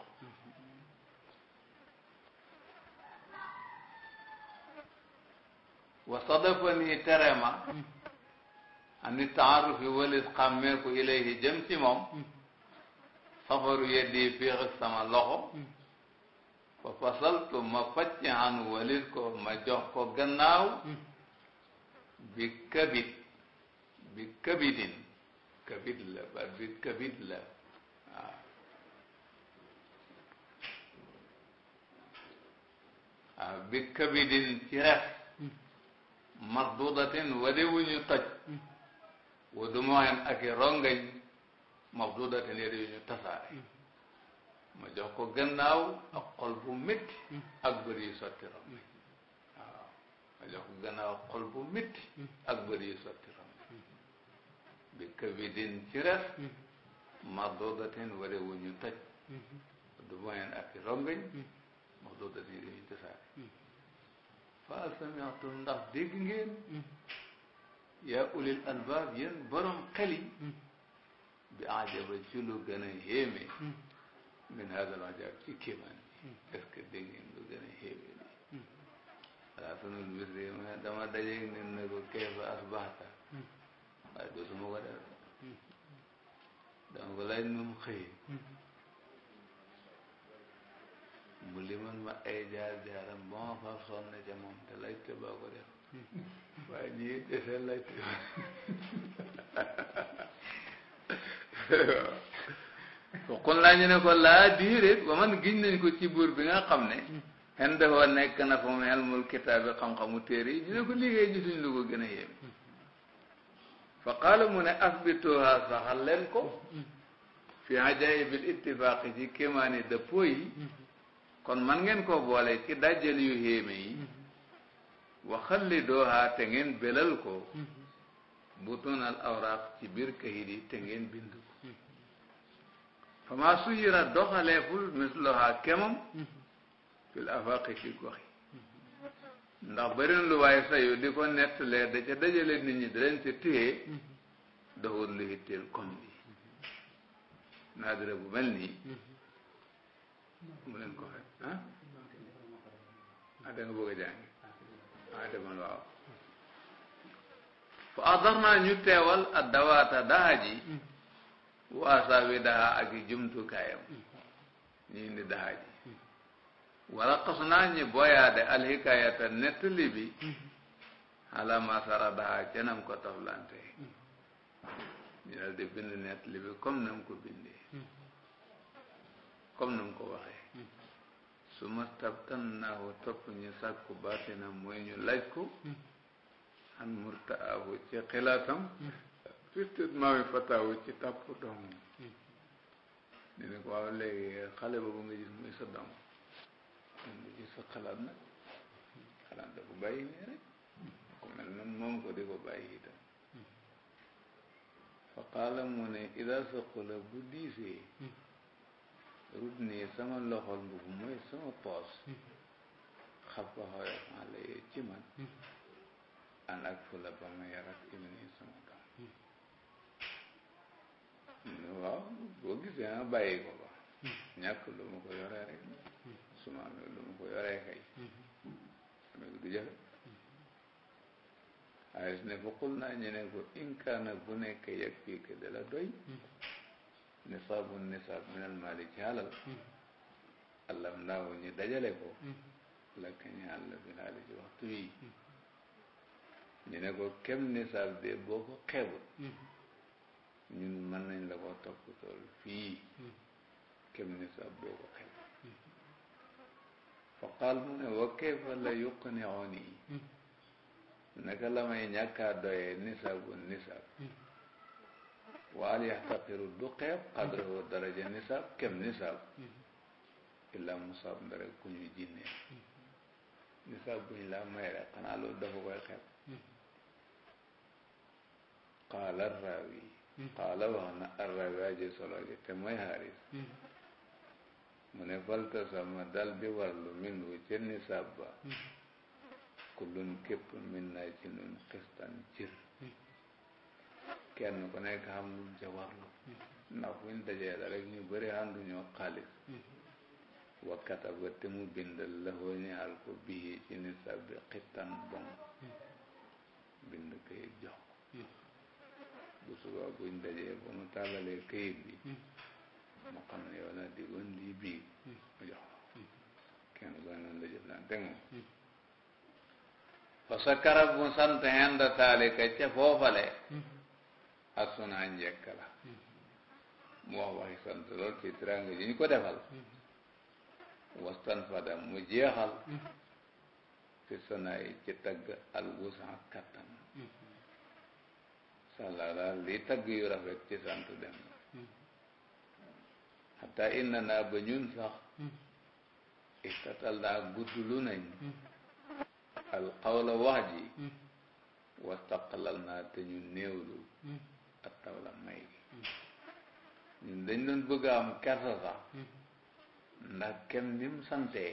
wa sadafani tere ma ani taarufi walis xàmmeeku ilayhi jëm ci moom safaru yeddi féexis sama loxo fa fasaltu ma facc an walis ko ma jox ko gannaaw bi kabit bi kabidin kabit la ba bi kabit la waaw waaw bi kabidin ci ref mabdudatin wade wu ñu toj wa dumoxen ak i rongañ mabdudatin yade yu ñu tasaare ma jox ko gannaaw ak xol bu métti ak bëri yu sotti rongañ waaw ma jox ko gannaaw ak xol bu métti ak bëri yu sotti rongañ bi kabidin ci res mabdudatin wade wu ñu toj wa dumoxen ak i rongañ mabdudatin yade yu ñu tasaare fa samiatum ndax dégg ngeen yaa ulil albaab yéen borom xel yi bi ajaba ci lu gën a yéeme min hadal ajab ci kéemaan bi est-ce que dégg ngeen lu gën a yéeme li walaa sanul misri ma dama dajeeg nen ne ko kayfa asbaxta waaye dootuma ko def dama ko laaj nu mu xëyee mu limal ma ay jaar jaaram ba ma far sonn ca moom te laajte baa ko def waaye ñi dese laajte waaw kon laa ñu ne ko laa diiréet ba man giñ nañ ko ci buur bi nga xam ne xen dafa nekk na fa mu elmul kitaab bi xam-xamu téere yi ñu ne ko liggéey gisuñ lu ko gën a yéem fa qaala mu ne asbituha saxal leen ko fi ajaayibil ittifaaqi ci kéemaani dëppoo yi kon man ngeen ko boole ci dajjal yu héeme yi mm-hmm. waxal li dooha te ngeen belal ko mm-hmm. butunal awraaq ci biir kayit yi te ngeen bind ko mm-hmm. fama suyira doxaleeful misloha kemam fil afaqi ci gox ndax bëri lu waaye sayu di ko nettalee da ca dajale nit ñi da leen ca téye doxul lu hitteel comme bi naadira bu mel nii mu leen ko fekk ah ah bëgg a jàng ah demal waaw fa adar ñu teewal addawaata daha ji waasaabi daha ak i jumtukaayam ñu indi daha ji wala xas naa ñi boyaade alxikaayata nettali bi ala masara daha ca nam ko toflante ñu dal di bind nettali bi comme nam ko bindee comme nam ko waxee su ma tabtan naahu topp ñu sàkku baatinam mooy ñu laaj ko an murtaahu ci xilaatam fistit maami fataahu ci tàpp doomam di ne ko waaw léegi xale boobu nga gis muy sa doom nga gis sa xalaat nag xalaat dafa bàyyi ne rek ko mel noonu moom ko di ko bàyyi itam fa qaala ne ida saqula bu diisee rub nii sama loxol mbub mooy sama poos xab ko xooyof ma la yee ci man ànd ak fula ba ma yar ak nii sama kam waaw boo gisee ma bàyyi ko ba ñàkk lu ma ko yoree rek su ma lu ma ko yoree kay amee du jafe waaye su ne fa naa ñu ko inkaana bu nekk yeg fii que de doy nisaabu nisaab min al maliki halal hmm. allam ndaaw ñu dajale ko hmm. lakk ñu àll bi xaali ci waxtu wi hmm. ne ko kem nisaab de boo ko xeebut ñun mën nañ la ko topp tool fii kem nisaab boo ko xeebut fa qaal mu ne wa kayfa la yuqniuni naka la may ñàkkaa doyee nisaabu nisaab waal yaxtaqiru du xeeb qadrahu daraja nisab kem nisab illa musab ndare ku ñuy jinnee nisab bu ñu la may rek xanaa loolu dafa koy xeeb qaala arrawi qaala wax na arrawi aji solo ji te mooy xaaris mu ne faltasama dal di warlu min wu ci nisab ba kullun képp min naa ci nun xistan cir kenn ku nekk xam lu mu fu ñu dajee la rek ñu ñoo xaalis wa kataba mu bindal la hoo ñaal ko bii ci nisab bi xittan bon bind kayit jox bu suba buñ dajee ba mu tàllalee kayit bi mu xam ne yow naa diggoon lii bii mu jox kenn ku ne la jëf naa tegu fa sa karab mu sant henda taalika ca foofale ak sunaa njekk la mu wax waxi sant lool ci teraanga ji ñu ko defal wastan fada mu jeexal fi sunaa yi ci tagg al wusan kattan sala daal lii tagg yu rafet ci sant dem na xata inna naa ba ñun sax istatal naa gudd lu nañ al qawla wax ji wastaqlal naa te ñu ak taw may gi ñun dañ doon bëgg a am kersa sax ndax kem ni mu santee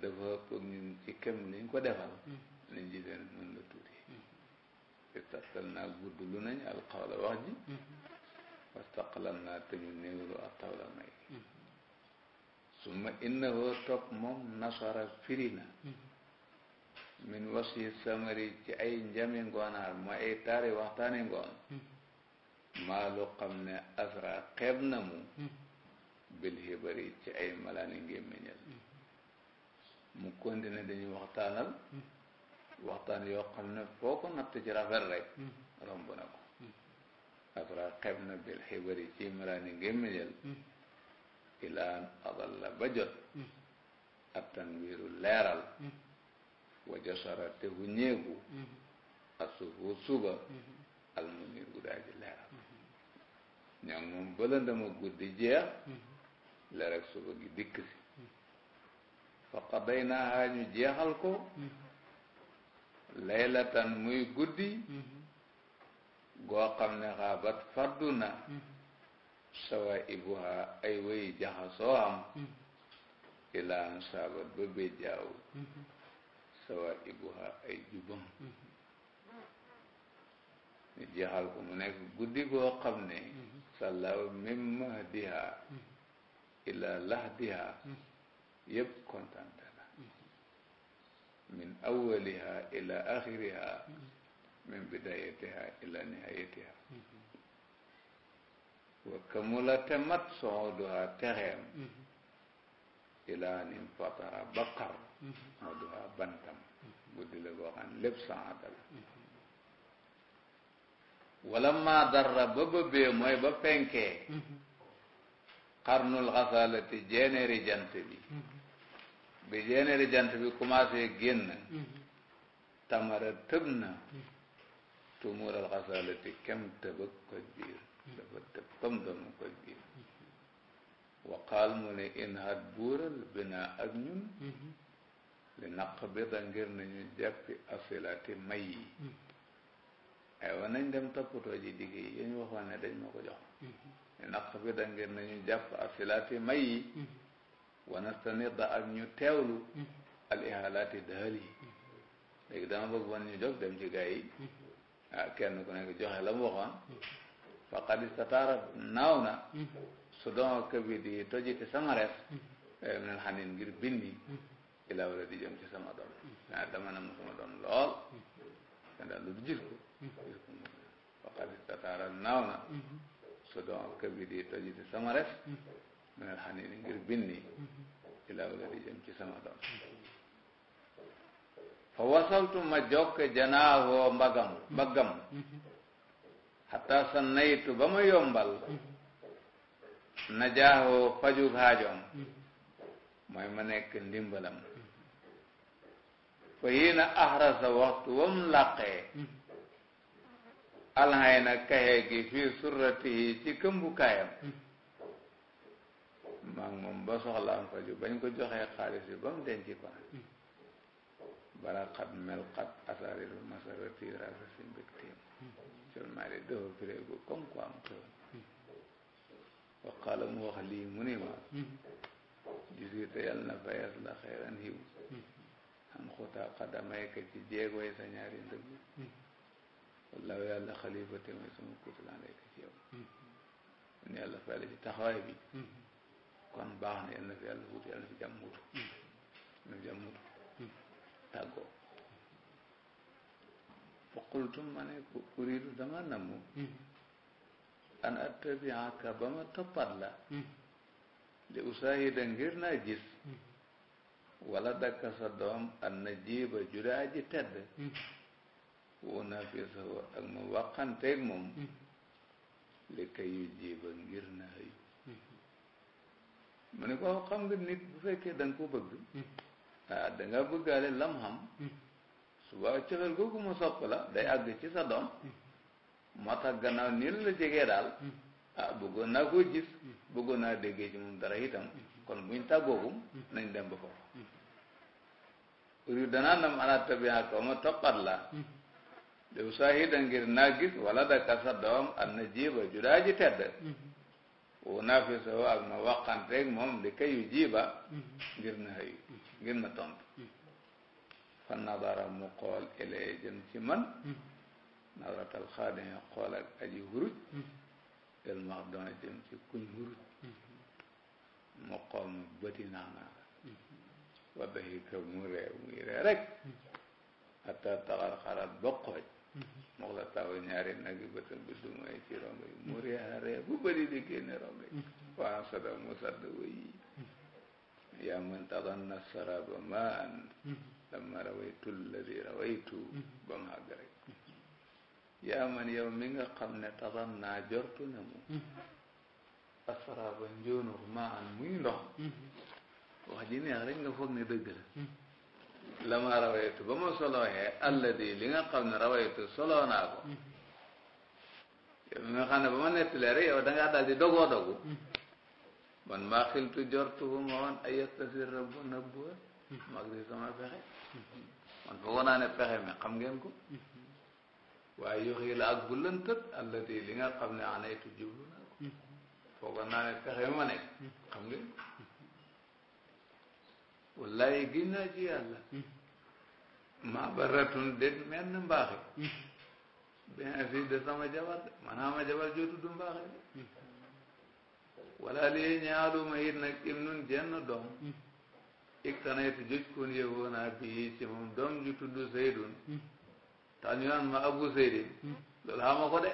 dafa ëpp ñun ci kem liñ ko defal liñ ci leen lu nañ alxawla wax ji wastaqalal te ñu néewlu ak taw la may gi summa innahu topp moom nasara firi na min wasi samari ci ay njami ngoonaar ma ay taari waxtaani ngoon maa lu xam ne asra xeeb na mu hmm. bil xibari ci ay malaani ngémmiñal hmm. mu kontine dañuy waxtaanal hmm. waxtaan yoo xam ne foo ko natt ci rafet rek romb na ko asra xeeb na bil xibari ci malaani ngémmiñal ilaan adal la ba jot attan wiiru leeral wajasara te hu ñeegu asufu suba almunir gu daaji leeral ñoom moom bële ndama guddi jeex mhm. la rek suba gi dikk si fa qadaynaaha ñu jeexal ko mhm. laylatan muy guddi mhm. goo xam ne xaabat faddu sawa ibuha ay way jaxasoo am ilaan saabat ba bejjaaw sawa ibuha ay jubam ñu jeexal ko mu nekk guddi goo xam ne sallaw min mahdiha ila lahdiha yëpp kontante na min awaliha ila axiriha min bidayatiha ila nihayatiha wa kamula te mat sooduha texeem ilaa nim fataha baqar sooduha bantam guddi la goo xam lépp saada la wala maa darra ba bëbbee mooy ba penkee xarnul xasalati jeeneeri jant bi bi jeeneeri jant bi commencé génn tamara tëb na tumural xasalati kem tëbëg koj biir dafa tëb pam doonu koj biir waqaal mu ne inhat buural binaa ak ñun li naq bi da ngir nañu jàppi asilati may yi aywa nañ dem toppatoo ji digg yi ñu waxoon ne dañ moo ko jox. Mm-hmm. naq bi da ngeen nañu jàpp ak filaati may yi. Mm-hmm. wanastanida ak ñu teewlu. Mm-hmm. al ihalaati daal yi. léegi dama bëgg ñu jóg dem ci gaa ah, kenn ku nekk joxe la mu waxoon. faqad istataara naaw na. su doon këbi di tojjiti sama reef. min al xanin ngir bindi. ilaa wala di jëm ci sama doom. ah dama ne mu sama lool. te daal lu waqad istatara naaw na su doon al toji di sama res mu ne xani binni ilaa wala di jëm ci sama doom fa wasaltu ma jokke janaahoo mbagam mbaggam xatta sa naytu ba ma yombal najaahoo fajug haajoom mooy ma nekk ndimbalam fa yii ahrasa waxtu wam làqee alxay na kaxe gi fii surratihi ci këmbukaayam maa ngi moom ba soxlaam faju bañ ko joxe xaalis bi ba mu denc ko bara xat mel xat masarati rasa si mbégteem seulement de dafa firéegu comme quoi am xew waqaala mu wax lii mu ne ma jisita yàlla na fayas la xeyran xiw an xuta xadamayka ci jéegoy sa ñaari ndëgg wallaahu yàlla xalifati mooy sama kuutul alayka ci yow kon yàlla fay la ci taxawaay bi kon baax na yàlla na fi yàlla wut yàlla na fi jàmm wutu na fi jàmm wutu tàggoo fa qultum ma ne ko uridu dama namu an attabiaka ba ma toppat la li usaahida ngir naa gis wala dakka sa doom an najiba jure aji tedd woo naa fi sawa ak ma waxanteeg moom hmm. li kay yu jiiba ngir na hayu hmm. mu ne ko xam nga nit bu fekkee danga ko bëgg hmm. ah da nga bëggaale lam xam subaa cëxal googu sopp la day àgg ci sa doom moo tax gannaaw nii la jegee daal ah bëggoon naa koo gis bëggoon naa déggee ci moom dara itam kon buñ tàggoogum nañ dem ba foofu uri danaa nam ala tabiha ko ma toppat la li usahida ngir naa gis wala daka sa doom am na jiiba judaa ji tedd wu naa fi soo ak ma waqanteeg moom di kayu jiiba na xëyu ngir na tontu fan nadara mu xool ilee jëm ci man nadratal xaadimi xool ak aji huruj el doon jëm ci kuñ huruj mu xool mu bëti naa naa wa daxika mu ree muy ree rek hatta taxar xarat ba xooj moo la taw ñaari nag yi bëtam bi du mooy ci rongo yi mu reyaaree bu bëri di génne rongo yi waa mu sadd wayi yaa man tadanna saraba maan mm-hmm. lamma rawaytu alladi rawaytu ba mu àgg yaa man yow mi nga xam ne tadannaa jortu na mu mm-hmm. asaraba njoonur maan muy ndox a ji neex rek nga foog ne dëgg la mm-hmm. lama rawaytu ba ma solooxee alladi li nga xam ne rawaytu solo naa ko nga xam ba ma nettalee rek yow da ngaa daal di dogoo dogu man maa xiltu jortuhu ma woon ay yastasir rabbu nabbuwa mag di sama pexe man foogoo naa ne pexe mi xam ngeen ko waaye yoxii la ak bu lëntët alladi li nga xam ne anaytu jublu naa ko foogoo naa ne ma nekk xam ngeen wallaay gis naa ci yàlla maa baratun dégg menn mbaaxe bien assis de sama jabar de maanaam ma jabar joo tudd mbaaxe de walla lii ñaaluma it im nun jenn doom ik tanay tu joj kon yëgoonaa bii ci moom doom ju tudd Seydun tax ñu naan ma abu Seydin loolu xama ko de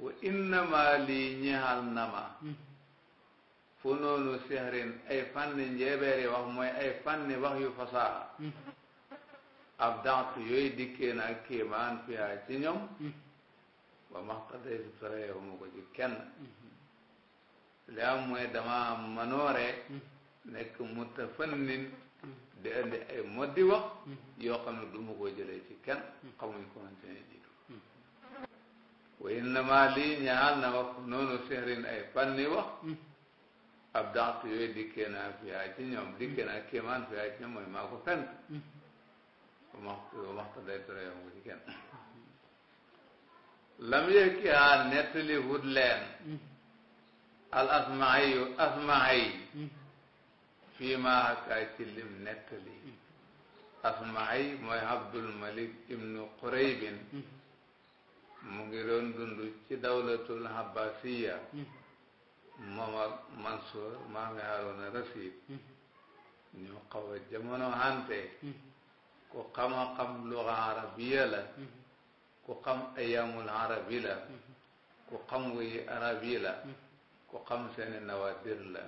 wa innama lii ñaal nama fu noonu sihrin ay fànni njeebeeri wax mooy ay fànni wax yu fasaha ab daxtu yooyu dikkee na ak kéemaan fiyaa ci ñoom ba maxtatay sub sara yow ma ko ci kenn li am mooy dama manoore nekk mutafannin di andi ay moddi wax yoo xam ne du ma ko jëlee ci kenn xamuñ ko man seen jiitu wa innama lii ñaal na wax noonu sihrin ay fànni wax ab dànk yooyu dikkee naa fi yaa ci ñoom dikkee naa kéemaan fi yaa ci ñoom mooy maa ko fent ba ma ba maxta day tura yow mu ci kenn lam yëkki aa nettali wut leen al asmaayu asmaay fii maa hakkaa ci lim nettali asmaay mooy abdul malik ibnu quraybin mu ngi doon dund ci dawlatul abbasiya moom ak Mansour maami Haruna Rashid hmm. ñoo xaw a jamono hante hmm. ku xam-xam luga arabiya la hmm. ku xam ayaamul arabi la ku xam wuyi arabi la ku xam seeni nawaadir la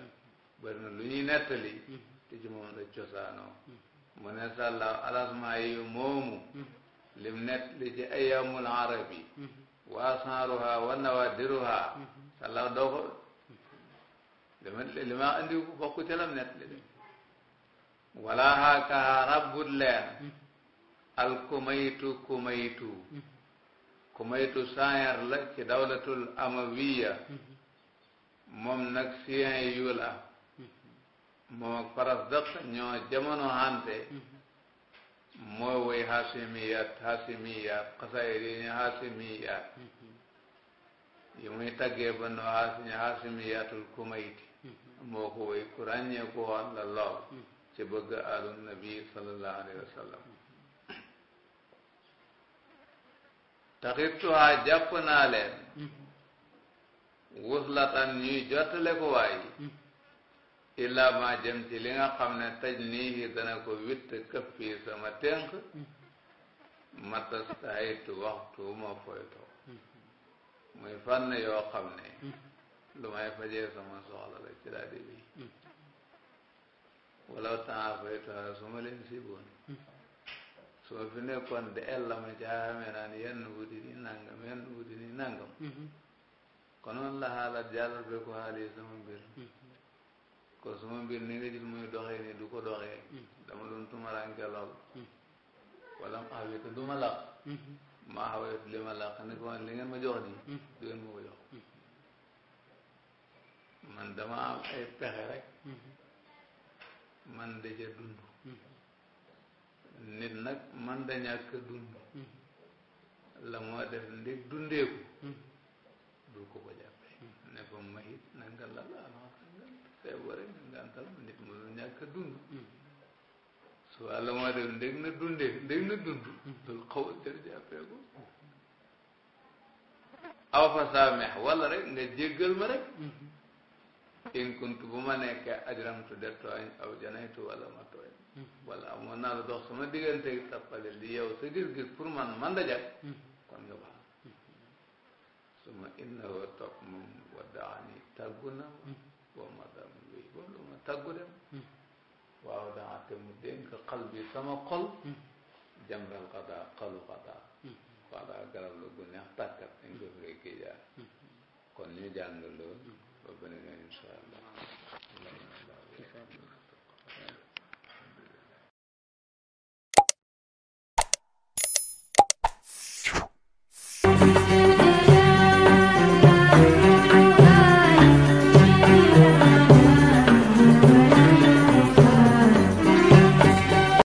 bari na lu ñuy nettali te ci moom la cosaanoo mu ne sàlla alasmaa yi moomu lim nettali ci ayaamul arabi wa asaaruha wa nawaadiruha sàlla doo ko li ma li ma andi bokku ci lam net li de wala hakaha rabbut leer al kumaytu kumaytu kumaytu saayar la ci dawlatul amawiya moom nag siyen yu la moom ak faras dëq ñoo jamono hante mooy woy hasimiyat hasimiyat xasaayid yi ñu hasimiyat yi muy taggee ba noo hasimiyat hasimiyat al kumayti moo ko way ku ràññee la lool ci bëgg alu nabi sallallahu alayhi wa sallam jàpp naa leen wuslatan ñuy jottale ko waay illaa ma jëm ci li nga xam ne taj nii dana ko witt këppi sama tënk matas taaytu waxtu ma foytoo muy fànn yoo xam ne lu may fajee sama soxla la ci laa di bi wala temps fay taxa su ma leen siboon su ma fi nekkoon de el la ma caaxamee naan yenn wuti ni nangam yenn wuti ni nangam konoon la xaalat jàllal be ko xaali mbir kon suma mbir ni nga gis muy doxee ni du ko doxee dama doon tumaranke lool wala ma xawi du ma laq maa xawet li ma laq ni ko li ngeen ma jox nii du ngeen ma ko man dama am ay pexe rek mm-hmm. man daja dund mm-hmm. nit nag man da ñàkk dund mm-hmm. la moo def ndig dundeeku du ko ko jàppee ne ko mahit nanga lal alors feebare nga ngàntal ma nit mu ñàkk dund su la moo def ndég na dundee ndég na dund dul xaw jër jàppee ko aw fa saa meex walla rek nga jéggal ma rek in kuntu bu ma nekkee ajramtu de aw janaytu wala ma tooñ wala amoon naa lu dox sama digganteeg tappale li hmm. yow sa gis hmm. pour man man da jag kon nga baal suma innawoo topp moom waddaani tàggu wi bolu ma tàggu dem waaw te mu dénk xal bi sama xol jamral xadaa xalu xadaa xadaa garab la gu neex tàkkat dañ jaar kon ñu jàng loolu ba beneen incha allah